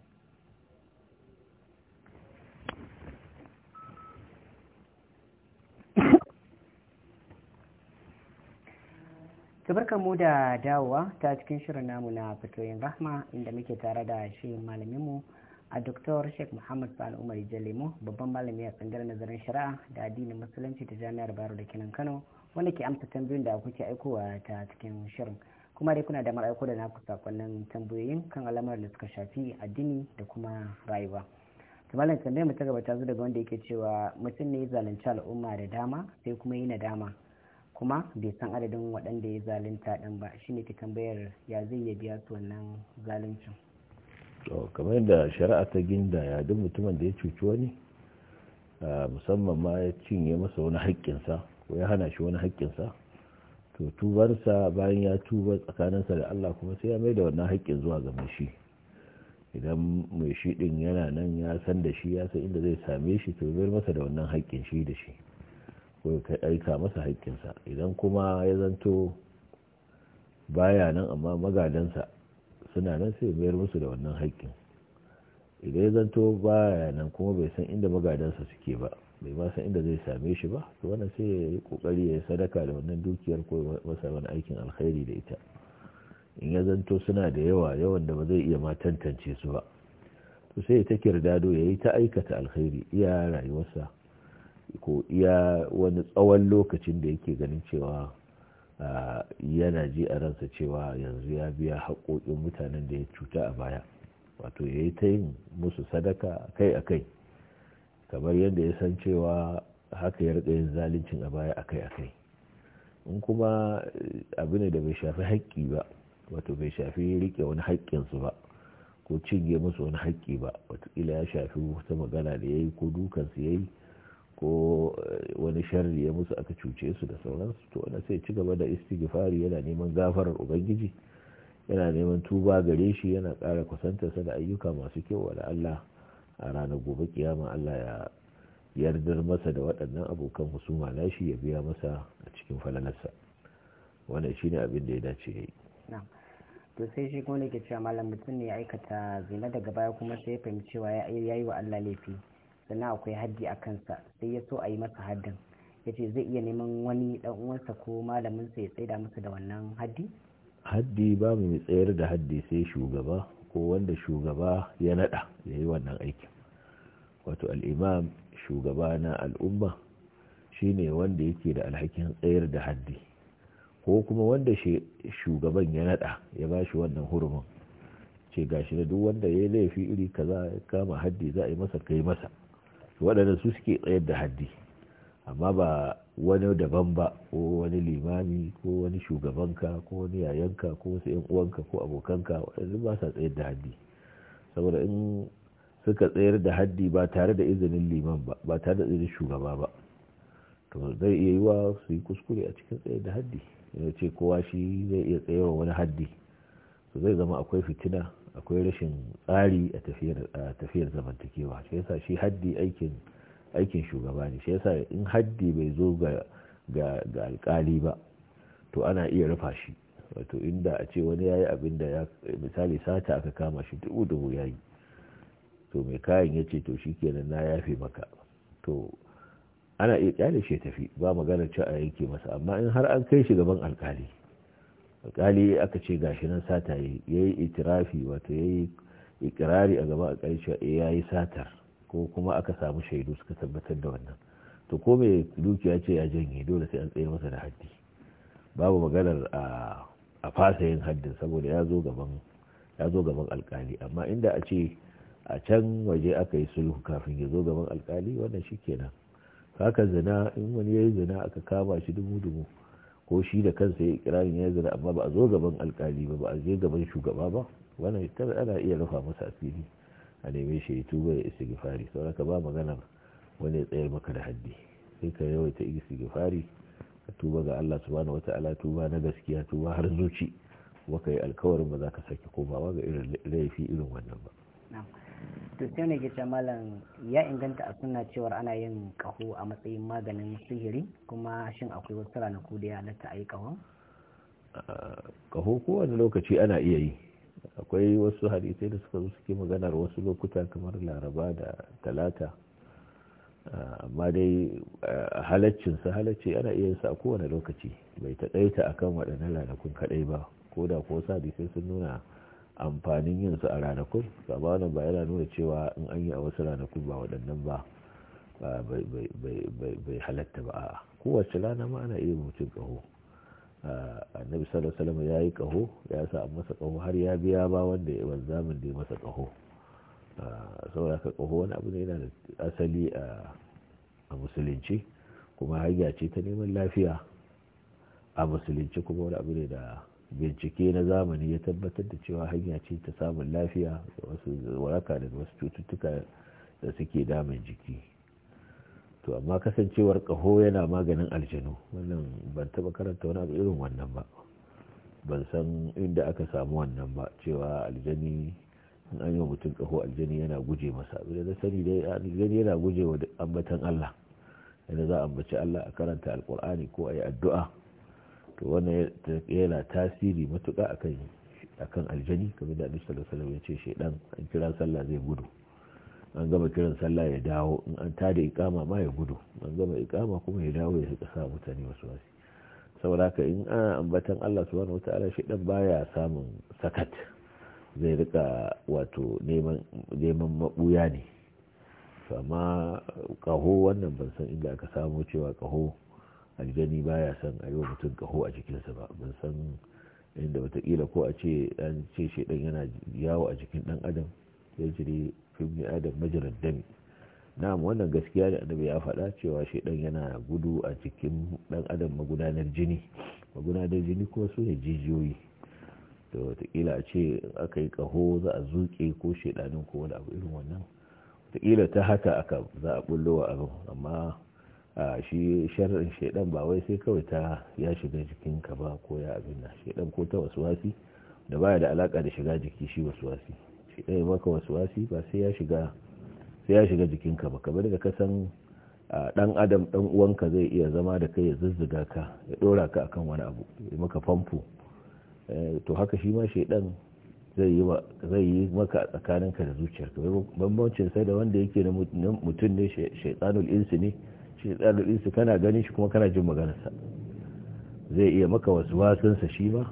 kabar mu da dawowa ta cikin shirin namu na fitoyin rahma inda muke tare da shi malaminmu a Dr. Sheikh Muhammad Sani Umar Jalimu, babban malami a tsangar nazarin shari'a da addinin musulunci ta jami'ar Bayero da Kinan Kano wanda ke amsa tambayoyin da kuke aikowa ta cikin shirin kuma dai kuna da aiko da naku sakonnin tambayoyin kan alamar da suka shafi addini da kuma rayuwa to malam tambayar mu ta gaba ta zo daga wanda yake cewa mutum ne zalunci al'umma da dama sai kuma yi nadama kuma bai san adadin waɗanda ya zalunta ɗin ba shine ke tambayar ya zai ya biya su wannan zaluncin to kamar da shari'a ta ginda ya duk mutumin da ya cuci wani musamman ma ya cinye masa wani haƙƙinsa ko ya hana shi wani haƙƙinsa to tubarsa bayan ya tuba tsakaninsa da Allah kuma sai ya mai da wannan haƙƙin zuwa ga mai shi idan mai shi ɗin yana nan ya san da shi ya san inda zai same shi to bai masa da wannan haƙƙin shi da shi ko ka aika masa haƙƙinsa idan kuma ya zanto baya nan amma magadansa suna nan sai mayar musu da wannan haƙƙin idan ya zanto baya nan kuma bai san inda magadansa suke ba bai ma san inda zai same shi ba to wannan sai ya yi kokari ya sadaka da wannan dukiyar ko masa wani aikin alkhairi da ita in ya zanto suna da yawa yawan da ba zai iya ma tantance su ba to sai ya ta kirdado ya yi ta aikata alkhairi iya rayuwarsa ko iya wani tsawon lokacin da yake ganin cewa yana ji a ransa cewa yanzu ya biya haƙoƙin mutanen da ya cuta a baya wato ya yi ta yin musu sadaka kai a kai kamar yadda ya san cewa haka ya rika yin zaluncin a baya a kai-a-kai in kuma eh, abu ne da bai shafi haƙƙi ba wato bai shafi riƙe wani haƙƙinsu ba ko cinye musu wani haƙƙi ba watakila ya shafi wata magana da ya yi ko dukansu ya yi ko eh, wani sharri ya musu aka cuce su da sauransu to wanda sai ci gaba da istighfari yana neman gafarar ubangiji yana neman tuba gare shi yana ƙara kusantarsa da ayyuka masu kyau wa Allah a ranar gobe kiyama Allah ya yardar masa da waɗannan abokan husuma shi ya biya masa a cikin falalarsa wannan shine abin da ya dace ya to sai shi kuma ke cewa malam mutum ne ya aikata zina daga baya kuma sai ya fahimci cewa ya yi wa Allah laifi sannan akwai haddi a kansa sai ya so a yi masa haddin ya ce zai iya neman wani dan uwansa ko malamin sa ya tsaida masa da wannan haddi haddi ba mu tsayar da haddi sai shugaba ko wanda shugaba ya nada ya yi wannan aikin wato al'imam shugaba na al'umma shine wanda yake da alhakin tsayar da haddi ko kuma wanda shugaban ya nada ya ba shi wannan hurumin ce gashi da duk wanda ya laifi iri kaza ya kama haddi za a yi masa kai masa waɗanda su suke tsayar da haddi amma ba wani daban ba ko wani limami ko wani shugabanka ko wani yayanka ko wasu yan uwanka ko abokanka waɗanda ba sa tsayar da haddi saboda in suka tsayar da haddi ba tare da izinin liman ba ba tare da izinin shugaba ba to zai iya yiwa su yi kuskure a cikin tsayar da haddi ya ce kowa shi zai iya tsayarwa wani haddi zai zama akwai fitina akwai rashin tsari a tafiyar zamantakewa shi yasa shi haddi aikin shugaba ne shi yasa in haddi bai zo ga alkali ba to ana iya rufa shi wato inda a ce wani yayi abin da ya misali sata aka kama shi dubu dubu yayi to mai kayan ya ce to shi kenan na yafe maka to ana iya kyale shi tafi ba maganar cewa a yanke masa amma in har an kai shi gaban alkali alkali aka ce gashi nan sata yi ya yi itirafi wato ya yi ikirari a gaban alkali cewa eh, ya yi satar ko kuma aka samu shaidu suka tabbatar da wannan to ko mai dukiya ce ya janye dole sai an tsaye masa da haddi babu maganar a fasa yin haddin saboda ya zo gaban ya alkali amma inda a ce a can waje aka yi sulhu kafin ya zo gaban alkali wannan shi kenan haka zina in wani ya yi zina aka kama shi dubu dubu ko shi da kansa ya ikirarin ya zira amma ba a zo gaban alkali ba ba a je gaban shugaba ba wannan tara ana iya rufa masa asiri a neme shi ya tuba ya gifari sau ka ba maganar wani ya tsayar maka da haddi sai ka yawaita gifari ka tuba ga Allah subhanahu wataala tuba na gaskiya tuba har zuci kuma ka alkawarin ba za ka sake komawa ga irin laifi irin wannan ba. to sai ne gita malam ya inganta a suna cewar ana yin kaho a matsayin maganin sihiri kuma shin akwai wasu ranaku da ya halatta a yi kaho? kaho ah, kowane lokaci ana iya yi akwai wasu hadisai da suka zo suke maganar wasu lokuta kamar laraba da talata ah, amma dai ah, halaccinsa halacci ana iya yinsa a kowane lokaci bai taɗaita akan waɗannan ranakun kaɗai ba ko da ko sa hadisai sun nuna amfanin yin su a ranakun sabanin ba yana nuna cewa in an yi a wasu ranakun ba waɗannan ba bai halatta ba a kowace rana ma ana iya mutum ƙaho annabi sallallahu alaihi ya yi ƙaho ya sa a masa ƙaho har ya biya ba wanda ya wanzamin da ya masa ƙaho saboda ka ƙaho wani abu ne yana da asali a musulunci kuma hanya ce ta neman lafiya a musulunci kuma wani abu ne da bincike na zamani ya tabbatar da cewa hanya ce ta samun lafiya da wasu waraka da wasu cututtuka da suke damun jiki to amma kasancewar kaho yana maganin aljanu wannan ban taɓa karanta wani abu irin wannan ba ban san inda aka samu wannan ba cewa aljani in an yi wa mutum kaho aljani yana guje masa da na sani dai aljani yana guje wa ambatan Allah yana za a ambaci Allah a karanta alkur'ani ko a yi addu'a to wannan yana tasiri matuƙa akan kan aljani kamar da Annabi sallallahu alaihi ya ce shaidan an kira sallah zai gudu an gama kiran sallah ya dawo in an tada ikama ma ya gudu an gama ikama kuma ya dawo ya sa mutane wasu wasi saboda haka in ana ambatan Allah subhanahu wataala shedan baya samun sakat zai rika wato neman mabuya ne amma kaho wannan ban san inda aka samu cewa kaho aljani baya son a yi wa mutum kaho a jikinsa ba ban san inda watakila ko a ce an ce shi dan yana yawo a jikin dan adam ya jiri fimni adam majalar dami na'am wannan gaskiya da annabi ya faɗa cewa shi dan yana gudu a jikin dan adam magudanar jini magudanar jini kuma su ne jijiyoyi da watakila a ce aka yi kaho za a zuke ko shaidanin ko wani abu irin wannan watakila ta haka aka za a bullowa abin amma shi sharrin shaidan ba wai sai kawai ta ya shiga jikinka ba ko ya abin na shaidan ko ta wasuwasi da baya da alaka da shiga jiki shi wasuwasi shaidan ya maka wasuwasi ba sai ya shiga sai ya shiga jikinka ba kamar da ka san dan adam dan uwanka zai iya zama da kai ya zuzzuga ka ya dora ka akan wani abu ya maka famfo eh, to haka shi ma shaidan zai yi maka a tsakaninka da zuciyarka bambancin sai da wanda yake na mutum ne shaitanul insi ne shaitan su kana ganin shi kuma kana jin maganarsa zai iya maka wasu wasansa shi ba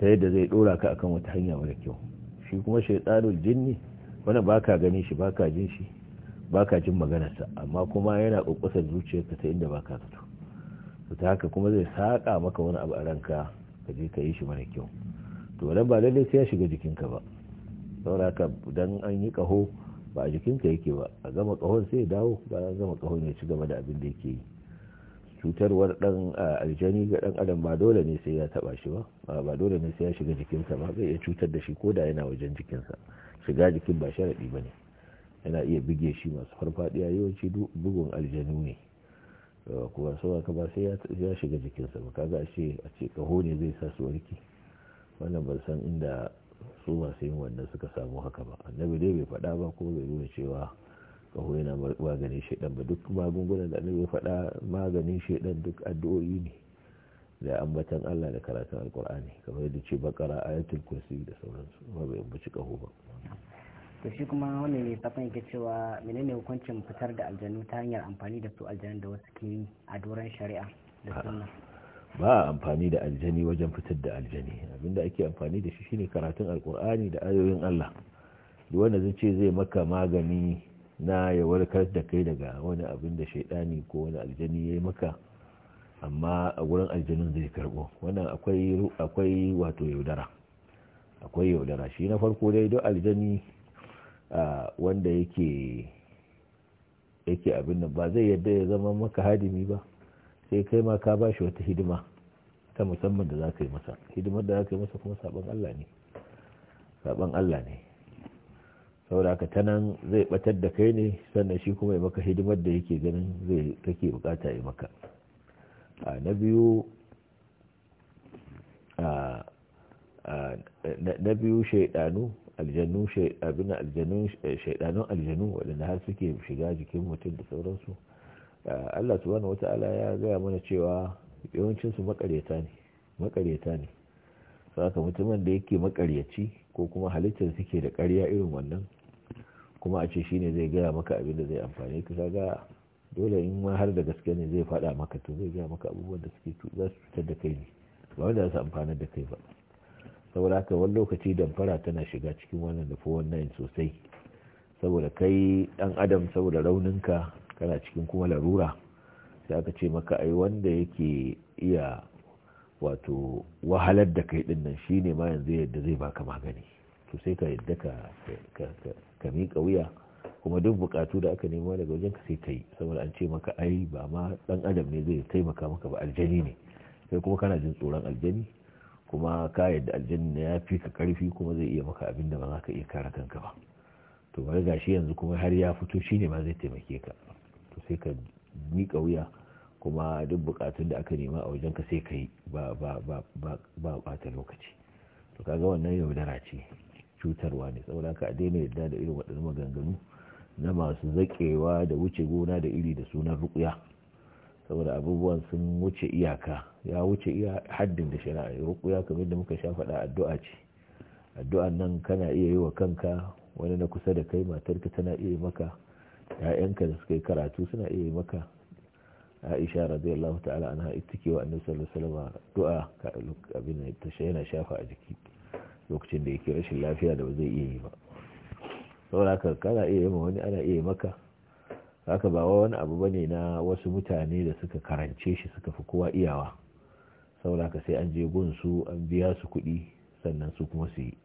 ta yadda zai ɗora ka akan wata hanya mara kyau shi kuma shaitanul jinni wani ba ka gani shi ba ka jin shi ba jin maganarsa amma kuma yana ƙwaƙwasar zuciyarka ta inda ba ka zato to ta haka kuma zai saƙa maka wani abu a ranka ka je ka yi shi mara kyau to wannan ba lallai sai ya shiga jikinka ba saboda haka dan an yi ƙaho ba a jikinka yake ba a gama kahon sai ya dawo ba a gama kahon ya ci gaba da abin da yake yi cutarwar dan aljani ga dan adam ba dole ne sai ya taba shi ba ba dole ne sai ya shiga jikinsa ba zai iya cutar da shi ko da yana wajen jikinsa shiga jikin ba sharadi ba ne yana iya bige shi masu farfadiya yawanci bugun aljanu ne kuma sau ka ba sai ya shiga jikinsa ba kaga a ce a ce kaho ne zai sa su warke wannan ban san inda su masu yin wannan suka samu haka ba annabi dai bai faɗa ba kuma bai nuna cewa kaho yana maganin shaidan ba duk magungunan da annabi ya faɗa maganin shaidan duk addu'o'i ne da ambatan Allah da karatun alkur'ani kamar yadda ce bakara ayatul kursi da sauransu ba bai ambaci kaho ba to shi kuma wani ne safan yake cewa menene hukuncin fitar da aljanu ta hanyar amfani da su aljanu da wasu ke yi a doron shari'a da sunna ba a amfani da aljani wajen fitar da aljani abinda ake amfani da shi shine karatun alkur'ani da ayoyin Allah duk wanda zai ce zai maka magani na ya warkar da kai daga wani abin da shaidani ko wani aljani ya yi maka amma a gurin aljanin zai karbo wannan akwai akwai wato yaudara akwai yaudara shi na farko dai duk aljani wanda yake yake abin nan ba zai yadda ya zama maka hadimi ba sai kai ma ka bashi wata hidima ta musamman da za ka yi masa hidimar da za ka yi masa kuma saban Allah ne saban Allah ne saboda ka tanan zai batar da kai ne sannan shi kuma ya maka hidimar da yake ganin zai kake bukata ya maka a na biyu a na biyu shaidanu aljannu shaidanu aljanu waɗanda har suke shiga jikin mutum da sauransu Allah subhanahu wata'ala ya gaya mana cewa yawancinsu su ne makareta ne mutumin da yake makaryaci ko kuma halittar suke da karya irin wannan kuma a ce shine zai gaya maka abin da zai amfane ka kaga dole in ma har da gaske ne zai faɗa maka to zai gaya maka abubuwan da suke za su cutar da kai ne ba wanda za su amfanar da kai ba saboda haka wani lokaci damfara tana shiga cikin wannan da 419 sosai saboda kai dan adam saboda rauninka kana cikin kuma larura sai aka ce maka ai wanda yake iya wato wahalar da kai din nan shine ma yanzu yadda zai baka magani to sai ka yadda ka miƙa wuya kuma duk bukatu da aka nema daga wajen ka sai kai saboda an ce maka ai ba ma dan adam ne zai taimaka maka ba aljani ne sai kuma kana jin tsoron aljani kuma ka yadda aljani ne ya fi ka karfi kuma zai iya maka abin da ba za ka iya kare kanka ba to bari gashi yanzu kuma har ya fito shine ma zai taimake ka to sai ka miƙa wuya kuma duk buƙatun da aka nema a wajen ka sai ka yi ba ba ɓata lokaci to kaga wannan yaudara ce cutarwa ne saboda ka a daina yadda da irin waɗannan maganganu na masu zaƙewa da wuce gona da iri da suna rukuya saboda abubuwan sun wuce iyaka ya wuce iya haddin da shari'a rukuya kamar da muka sha faɗa addu'a ce addu'an nan kana iya yi wa kanka wani na kusa da kai matarka tana iya maka ya'yanka da suka yi karatu suna iya maka aisha radiyallahu ta'ala anha ittikewa annabi sallallahu alaihi wasallam du'a ka abin ta yana shafa a jiki lokacin da yake rashin lafiya da ba zai iya yi ba saboda haka kana iya yi ma wani ana iya maka haka ba wani abu bane na wasu mutane da suka karance shi suka fi kowa iyawa saboda ka sai an je gun su an biya su kuɗi sannan su kuma su yi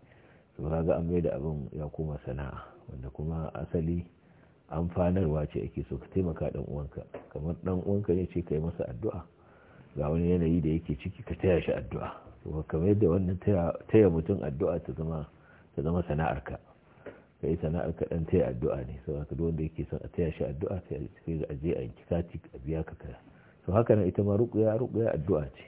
saboda ga an mai da abin ya koma sana'a wanda kuma asali amfanarwa ce ake so ka taimaka dan uwanka kamar dan uwanka ne ce ka yi masa addu'a ga wani yanayi da yake ciki ka taya shi addu'a to kamar yadda wannan taya mutum addu'a ta zama ta zama sana'arka ka yi sana'ar ka dan taya addu'a ne saboda duk wanda yake son a taya shi addu'a sai ga aje a yanki kati a biya ka kaya to haka nan ita ma ruqya ruqya addu'a ce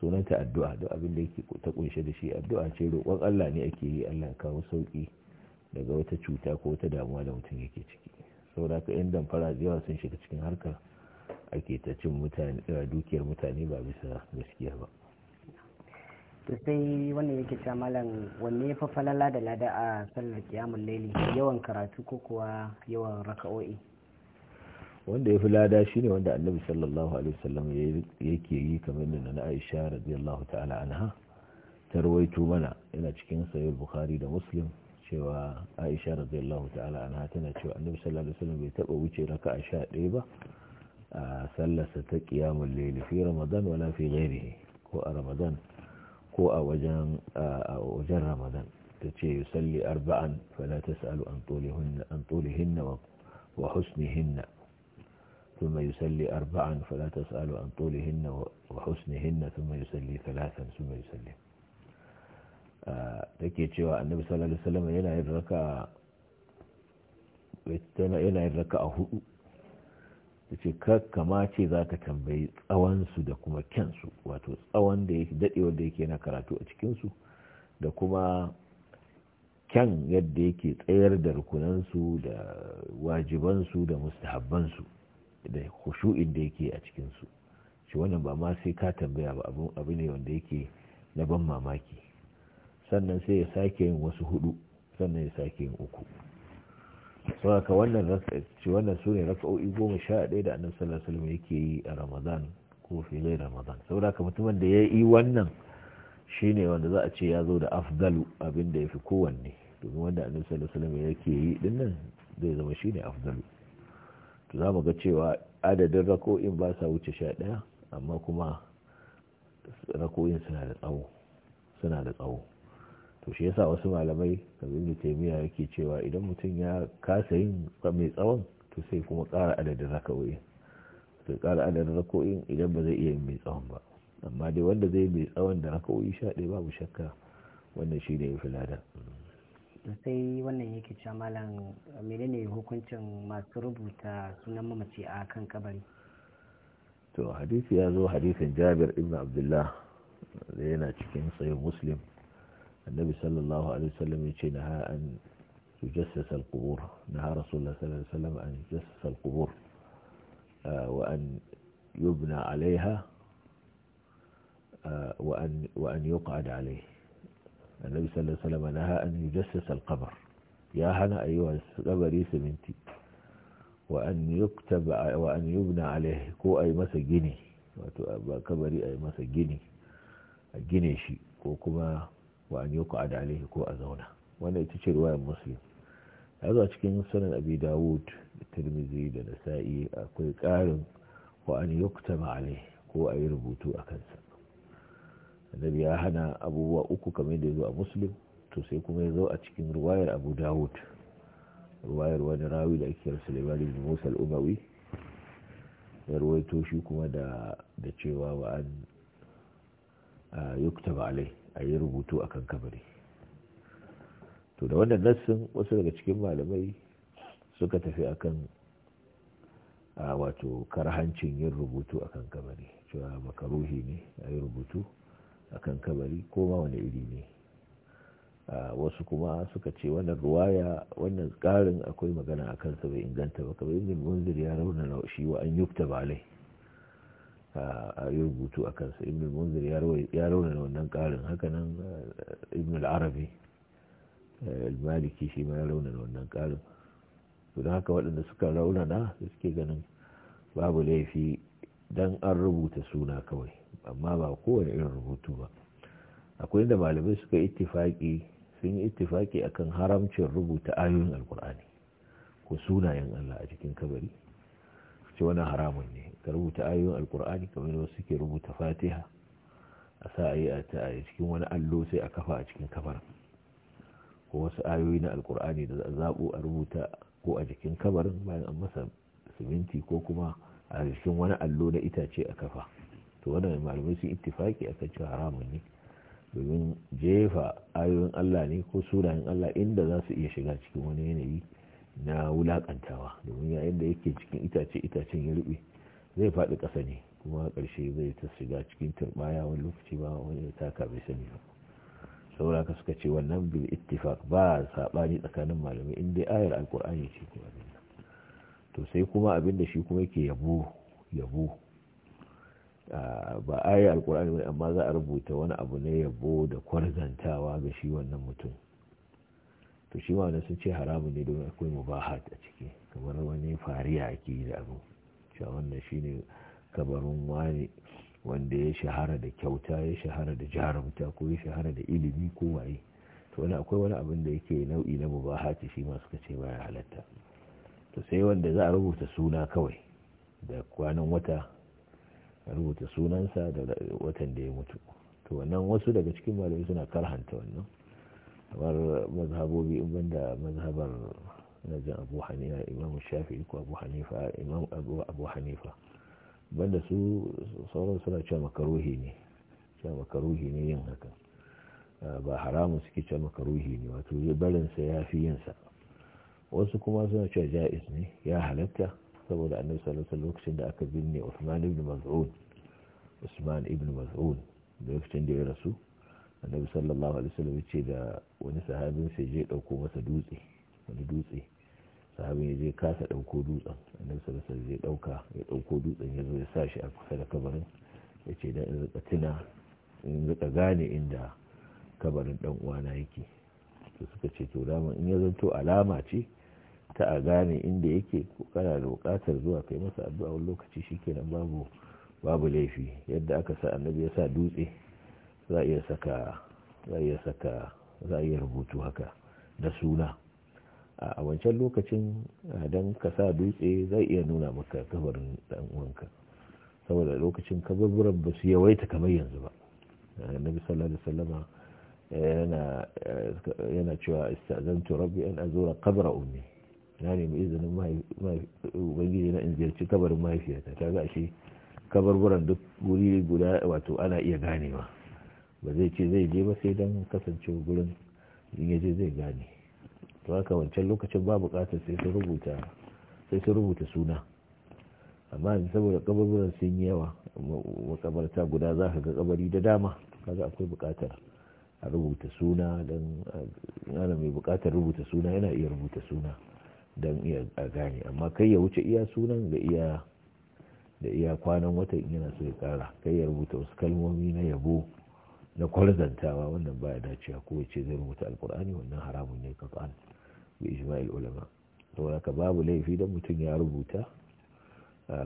sunanta addu'a duk abin da yake ta kunshe da shi addu'a ce roƙon Allah ne ake yi Allah ya kawo sauki daga wata cuta ko wata damuwa da mutum yake ciki saboda haka yan damfara zuwa sun shiga cikin harkar ake ta cin mutane dukiyar mutane ba bisa gaskiya ba to sai wannan yake cewa malam wanne ya fi falala da lada a sallar kiyamun laili yawan karatu ko kuwa yawan raka'o'i wanda ya fi lada shine wanda annabi sallallahu alaihi wasallam yake yi kamar da na aisha radiyallahu ta'ala anha tarwaito mana yana cikin sahih bukhari da muslim cewa aisha radiyallahu ta'ala anha tana cewa annabi sallallahu alaihi wasallam bai taba wuce raka'a 11 ba a sallarsa ta qiyamul layl fi ramadan wala fi ghairihi ko a ramadan ko a wajen a wajen ramadan tace yusalli arba'an fala tasalu an tulihunna an tulihunna wa husnihinna ثم يصلي أربعا فلا تسأل عن طولهن وحسنهن ثم يصلي ثلاثا ثم يسلم take cewa annabi sallallahu alaihi wasallam yana yin raka yana yin raka a hudu ta ce kama ce za ka tambayi tsawonsu da kuma kyansu wato tsawon da yake dadewar da yake yana karatu a cikinsu da kuma kyan yadda yake tsayar da rukunansu da wajibansu da mustahabbansu da khushu'in da yake a cikinsu shi wannan ba ma sai ka tambaya ba abu ne wanda yake na ban mamaki sannan sai ya sake yin wasu hudu sannan ya sake yin uku saboda wannan ci wannan su ne raka'o'i goma sha ɗaya da annabi sallallahu alaihi yake yi a ramadan ko fi zai ramadan saboda ka mutumin da ya yi wannan shine wanda za a ce ya zo da afdalu abinda yafi ya fi kowanne domin wanda annabi sallallahu alaihi yake yi din nan zai zama shine afdalu to za mu ga cewa adadin raka'o'in ba sa wuce sha ɗaya amma kuma raka'o'in suna da tsawo suna da tsawo to shi yasa wasu malamai kamar da taymiya yake cewa idan mutum ya kasa yin mai tsawon to sai kuma kara adadin rakawoyin sai kara adadin rakawoyin idan ba zai iya yin mai tsawon ba amma dai wanda zai mai tsawon da raka'o'i sha ɗaya babu shakka wannan shi ne ya fi lada sai wannan yake cewa malam menene hukuncin masu rubuta sunan mamaci a kan kabari to hadisi ya zo hadisin jabir ibn abdullah da yana cikin sayin muslim النبي صلى الله عليه وسلم نهى أن يجسس القبور نهى رسول الله صلى الله عليه وسلم أن يجسس القبور آه، وأن يبنى عليها آه، وأن, وأن يقعد عليه النبي صلى الله عليه وسلم نهى أن يجسس القبر يا هنا أيها القبر سمنتي وأن يكتب وأن يبنى عليه كو أي مسجني جني أي مسجني الجنيشي وكما wa an yuqad alaihi ko a zauna wanda ita ce ruwayar muslim ya zo cikin sunan abi dawud da tirmizi da nasa'i akwai karin wa an ta alaihi ko a yi rubutu a kansa annabi ya hana abubuwa uku kamar da ya zo a muslim to sai kuma ya zo a cikin ruwayar abu dawud ruwayar wani rawi da ake rasu limani da musa al'umawi ya ruwaito shi kuma da cewa wa an yukta ba alai a yi rubutu a kan kabari to da wannan nassin wasu daga cikin malamai suka tafi akan a wato karhancin yin rubutu a kan kabari cewa makaruhi ne a yi rubutu a kan kabari ko ma wani iri ne wasu kuma suka ce wannan ruwaya wannan tsarin akwai magana a kansa bai inganta ba kamar yin munzir ya raunana shi wa an yukta balai a yi rubutu a kansa ibn munzir ya rauna wannan karin hakanan ibn al-arabi al-maliki shi ma ya rauna wannan karin to don haka waɗanda suka rauna na suke ganin babu laifi dan an rubuta suna kawai amma ba kowane irin rubutu ba akwai inda malamai suka ittifaki sun yi ittifaki akan haramcin rubuta ayoyin alkur'ani ko sunayen Allah a cikin kabari ce wani haramun ne ka rubuta ayoyin alkur'ani kamar yadda wasu suke rubuta fatiha a sa a yi a cikin wani allo sai a kafa a cikin kafar ko wasu ayoyi na alkur'ani da zaɓo a rubuta ko a jikin kabarin bayan an masa siminti ko kuma a jikin wani allo na itace a kafa to wannan malamai sun ittifaki akan cewa haramun ne domin jefa ayoyin Allah ne ko sunayen Allah inda za su iya shiga cikin wani yanayi na wulakantawa domin yayin da yake cikin itace itacen ya rube zai faɗi ƙasa ne kuma ƙarshe zai ta shiga cikin turbaya wani lokaci ba wani ya taka bai sani ba saura ka suka ce wannan bil ittifaq ba saɓani tsakanin malamai in dai ayar alkur'ani ce ko abin nan to sai kuma abin da shi kuma yake yabo yabo ba ayar alkur'ani ne amma za a rubuta wani abu na yabo da kwarzantawa ga shi wannan mutum to shi ma sun ce haramun ne domin akwai mubahat a ciki kamar wani fariya ake yi da abu cewa wannan shine kabarin wani wanda ya shahara da kyauta ya shahara da jarumta ko ya shahara da ilimi ko waye to wani akwai wani abin da yake nau'i na mubahati shi ma suka ce baya halatta to sai wanda za a rubuta suna kawai da kwanan wata a rubuta sunansa da watan da ya mutu to wannan wasu daga cikin malami suna karhanta wannan kamar mazhabobi in banda mazhabar na jin abu hanifa imam shafi'i ko abu hanifa imam abu hanifa banda su sauran suna cewa makaruhi ne cewa makaruhi ne yin haka ah, ba haramun suke cewa makaruhi ne wato barinsa ya fi yinsa wasu kuma suna cewa ja'iz ne ya halatta saboda annabi sallallahu alaihi lokacin da aka binne Uthman ibn Maz'un Usman ibn Maz'un lokacin da ya rasu annabi sallallahu alaihi wasallam ce da wani sahabin sai je dauko masa dutse wani dutse sahabin ya je kasa ɗauko dutsen annabi sallallahu alaihi zai ɗauka ya ɗauko dutsen ya zo ya sa shi a kusa da kabarin ya ce dan in rika tuna in rika gane inda kabarin dan uwana yake to suka ce to dama in ya zanto alama ce ta a gane inda yake ko kana da bukatar zuwa kai masa addu'a wani lokaci shikenan babu babu laifi yadda aka sa annabi ya sa dutse za a iya saka za a iya saka za a iya rubutu haka da suna a wancan lokacin don ka sa dutse zai iya nuna maka kabarin dan uwanka saboda lokacin kaburburan ba su yawaita kamar yanzu ba na bi alaihi da eh, yana eh, yana cewa istazantu rabbi an azura kabara ummi na nemi izinin ubangiji na in ziyarci kabarin mahaifiyata ta ga shi kabarburan duk guri guda wato ana iya ganewa ba zai ce zai je ba sai don kasance gurin in yaje zai gane to haka wancan lokacin ba bukatar sai sun rubuta sai sun rubuta suna amma yanzu saboda kabarburan sun yi yawa makabarta guda za ka ga kabari da dama kaga akwai bukatar a rubuta suna don ana mai bukatar rubuta suna yana iya rubuta suna don iya a gane amma kai ya wuce iya sunan da iya da iya kwanan watan yana so ya kara kai ya rubuta wasu kalmomi na yabo na kwarzantawa wannan baya dacewa ko ya ce zai rubuta alkur'ani wannan haramun ne ka bi ijma'il ulama saboda haka babu laifi don mutum ya rubuta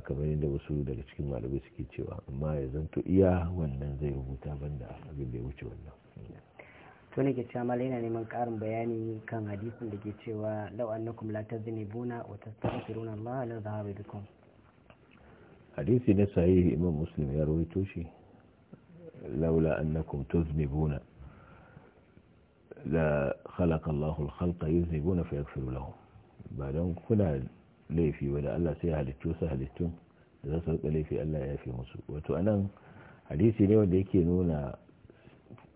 kamar yadda wasu daga cikin malamai suke cewa amma ya zanto iya wannan zai rubuta banda abin da ya wuce wannan to ne ke cewa mala yana neman karin bayani kan hadisin da ke cewa lau annakum la tazinibuna wa tastaghfiruna Allah la dhahaba bikum hadisi na sahihi imam muslim ya rawaito shi laula annakum tuznibuna da khalaqallahu al-khalqa yuzhibuna fa yaghfiru lahum ba don kuna laifi ba da Allah sai halittu su halittu da za su rika laifi Allah ya yafe musu wato anan hadisi ne wanda yake nuna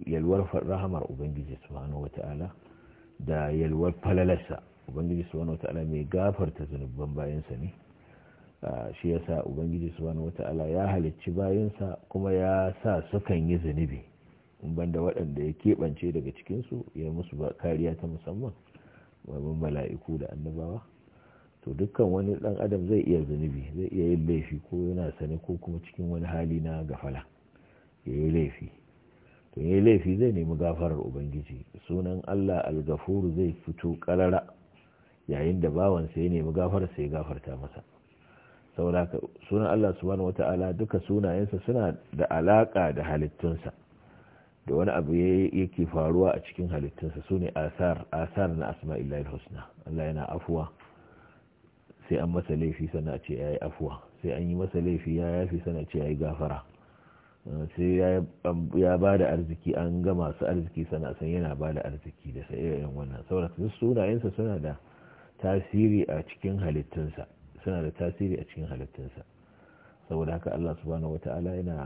yalwar rahamar ubangiji subhanahu ta'ala da yalwar falalarsa ubangiji subhanahu ta'ala mai gafarta zanubban bayansa ne shi yasa ubangiji subhanahu ta'ala ya halicci bayansa kuma ya sa sukan yi zunubi in banda waɗanda ya keɓance daga cikinsu ya musu kariya ta musamman babban mala'iku da annabawa to dukkan wani ɗan adam zai iya zunubi zai iya yin laifi ko yana sani ko kuma cikin wani hali na gafala ya yi laifi to ya yi laifi zai nemi gafarar ubangiji sunan allah algafuru zai fito ƙarara yayin da bawansa ya nemi sai ya gafarta masa saboda sunan allah subhanahu wata'ala duka sunayensa suna da alaƙa da halittunsa da wani abu yake faruwa a cikin halittunsa su ne asar asar na asma'illahi husna Allah yana afuwa sai an masa laifi sana ce ya yi afuwa sai an yi masa laifi ya yafi sana ce ya yi gafara uh, sai ya ba da arziki an ga masu arziki sana san yana ba da arziki da sai irin wannan saboda sunayensa suna da suna da tasiri a cikin halittunsa saboda haka Allah subhanahu wata'ala yana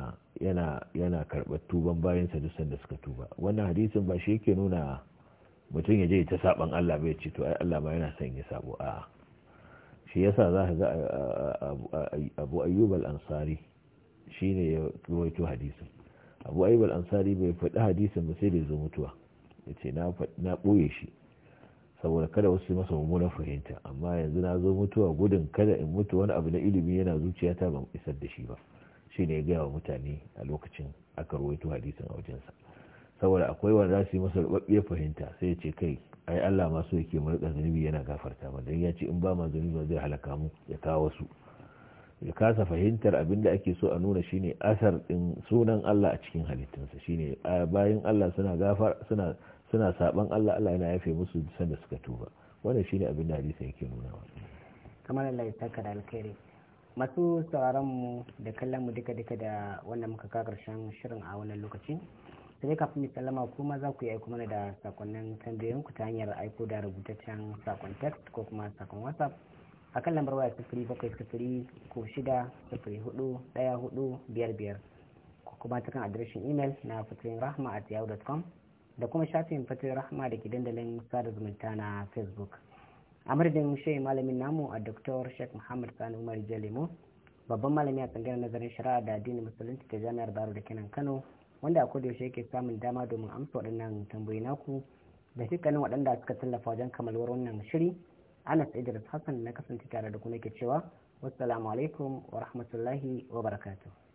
yana yana karɓar tuban bayan sa dusan da suka tuba wannan hadisin ba shi yake nuna mutum ya je ta saban Allah bai ce to ai Allah ba yana son ya sabo a shi yasa za ka ga Abu Ayyub al-Ansari shine ya rawaito hadisin Abu Ayyub al-Ansari bai faɗi hadisin ba sai da ya zo mutuwa yace na na boye shi saboda kada wasu masa mummunan fahimta amma yanzu na zo mutuwa gudun kada in mutu wani abu na ilimi yana zuciyata ban isar da shi ba shi ne ya gaya wa mutane a lokacin aka rawaito hadisin a wajensa saboda akwai wanda za su yi masa rubabbiyar fahimta sai ya ce kai ai Allah ma so yake mu rika zunubi yana gafarta ba dan ya ce in ba ma zunubi zai halaka mu ya kawo wasu ya kasa fahimtar abin da ake so a nuna shine asar din sunan Allah a cikin halittunsa shine bayan Allah suna gafar suna suna saban Allah Allah yana yafe musu da suka tuba wannan shine abin da hadisi yake nuna wa kamar Allah ya saka da alkhairi masu sauraron mu da kallon mu duka duka da wannan muka ka karshen shirin a wannan lokaci sai kafin mu sallama kuma za ku yi aiko mana da sakonnin tambayoyin ku ta hanyar aiko da rubutaccen sakon text ko kuma sakon whatsapp a kan lambar waya sifiri bakwai sifiri ko shida sifiri hudu daya hudu biyar biyar ko kuma ta kan adireshin imel na fitirin rahma at yahoo.com da kuma shafin fatin rahama da ke dandalin sada zumunta na facebook a madadin shehi malamin namu a dr sheikh muhammad sani umar Jalimu, babban malami a tsangayar nazarin shari'a da addinin musulunci ta jami'ar baro da kenan kano wanda a kodayaushe yake samun dama domin amsa waɗannan tambayi naku da dukkanin waɗanda suka tallafa wajen kamalwar wannan shiri anas idris hassan na kasance tare da ku ke cewa wassalamu alaikum wa rahmatullahi wa barakatuh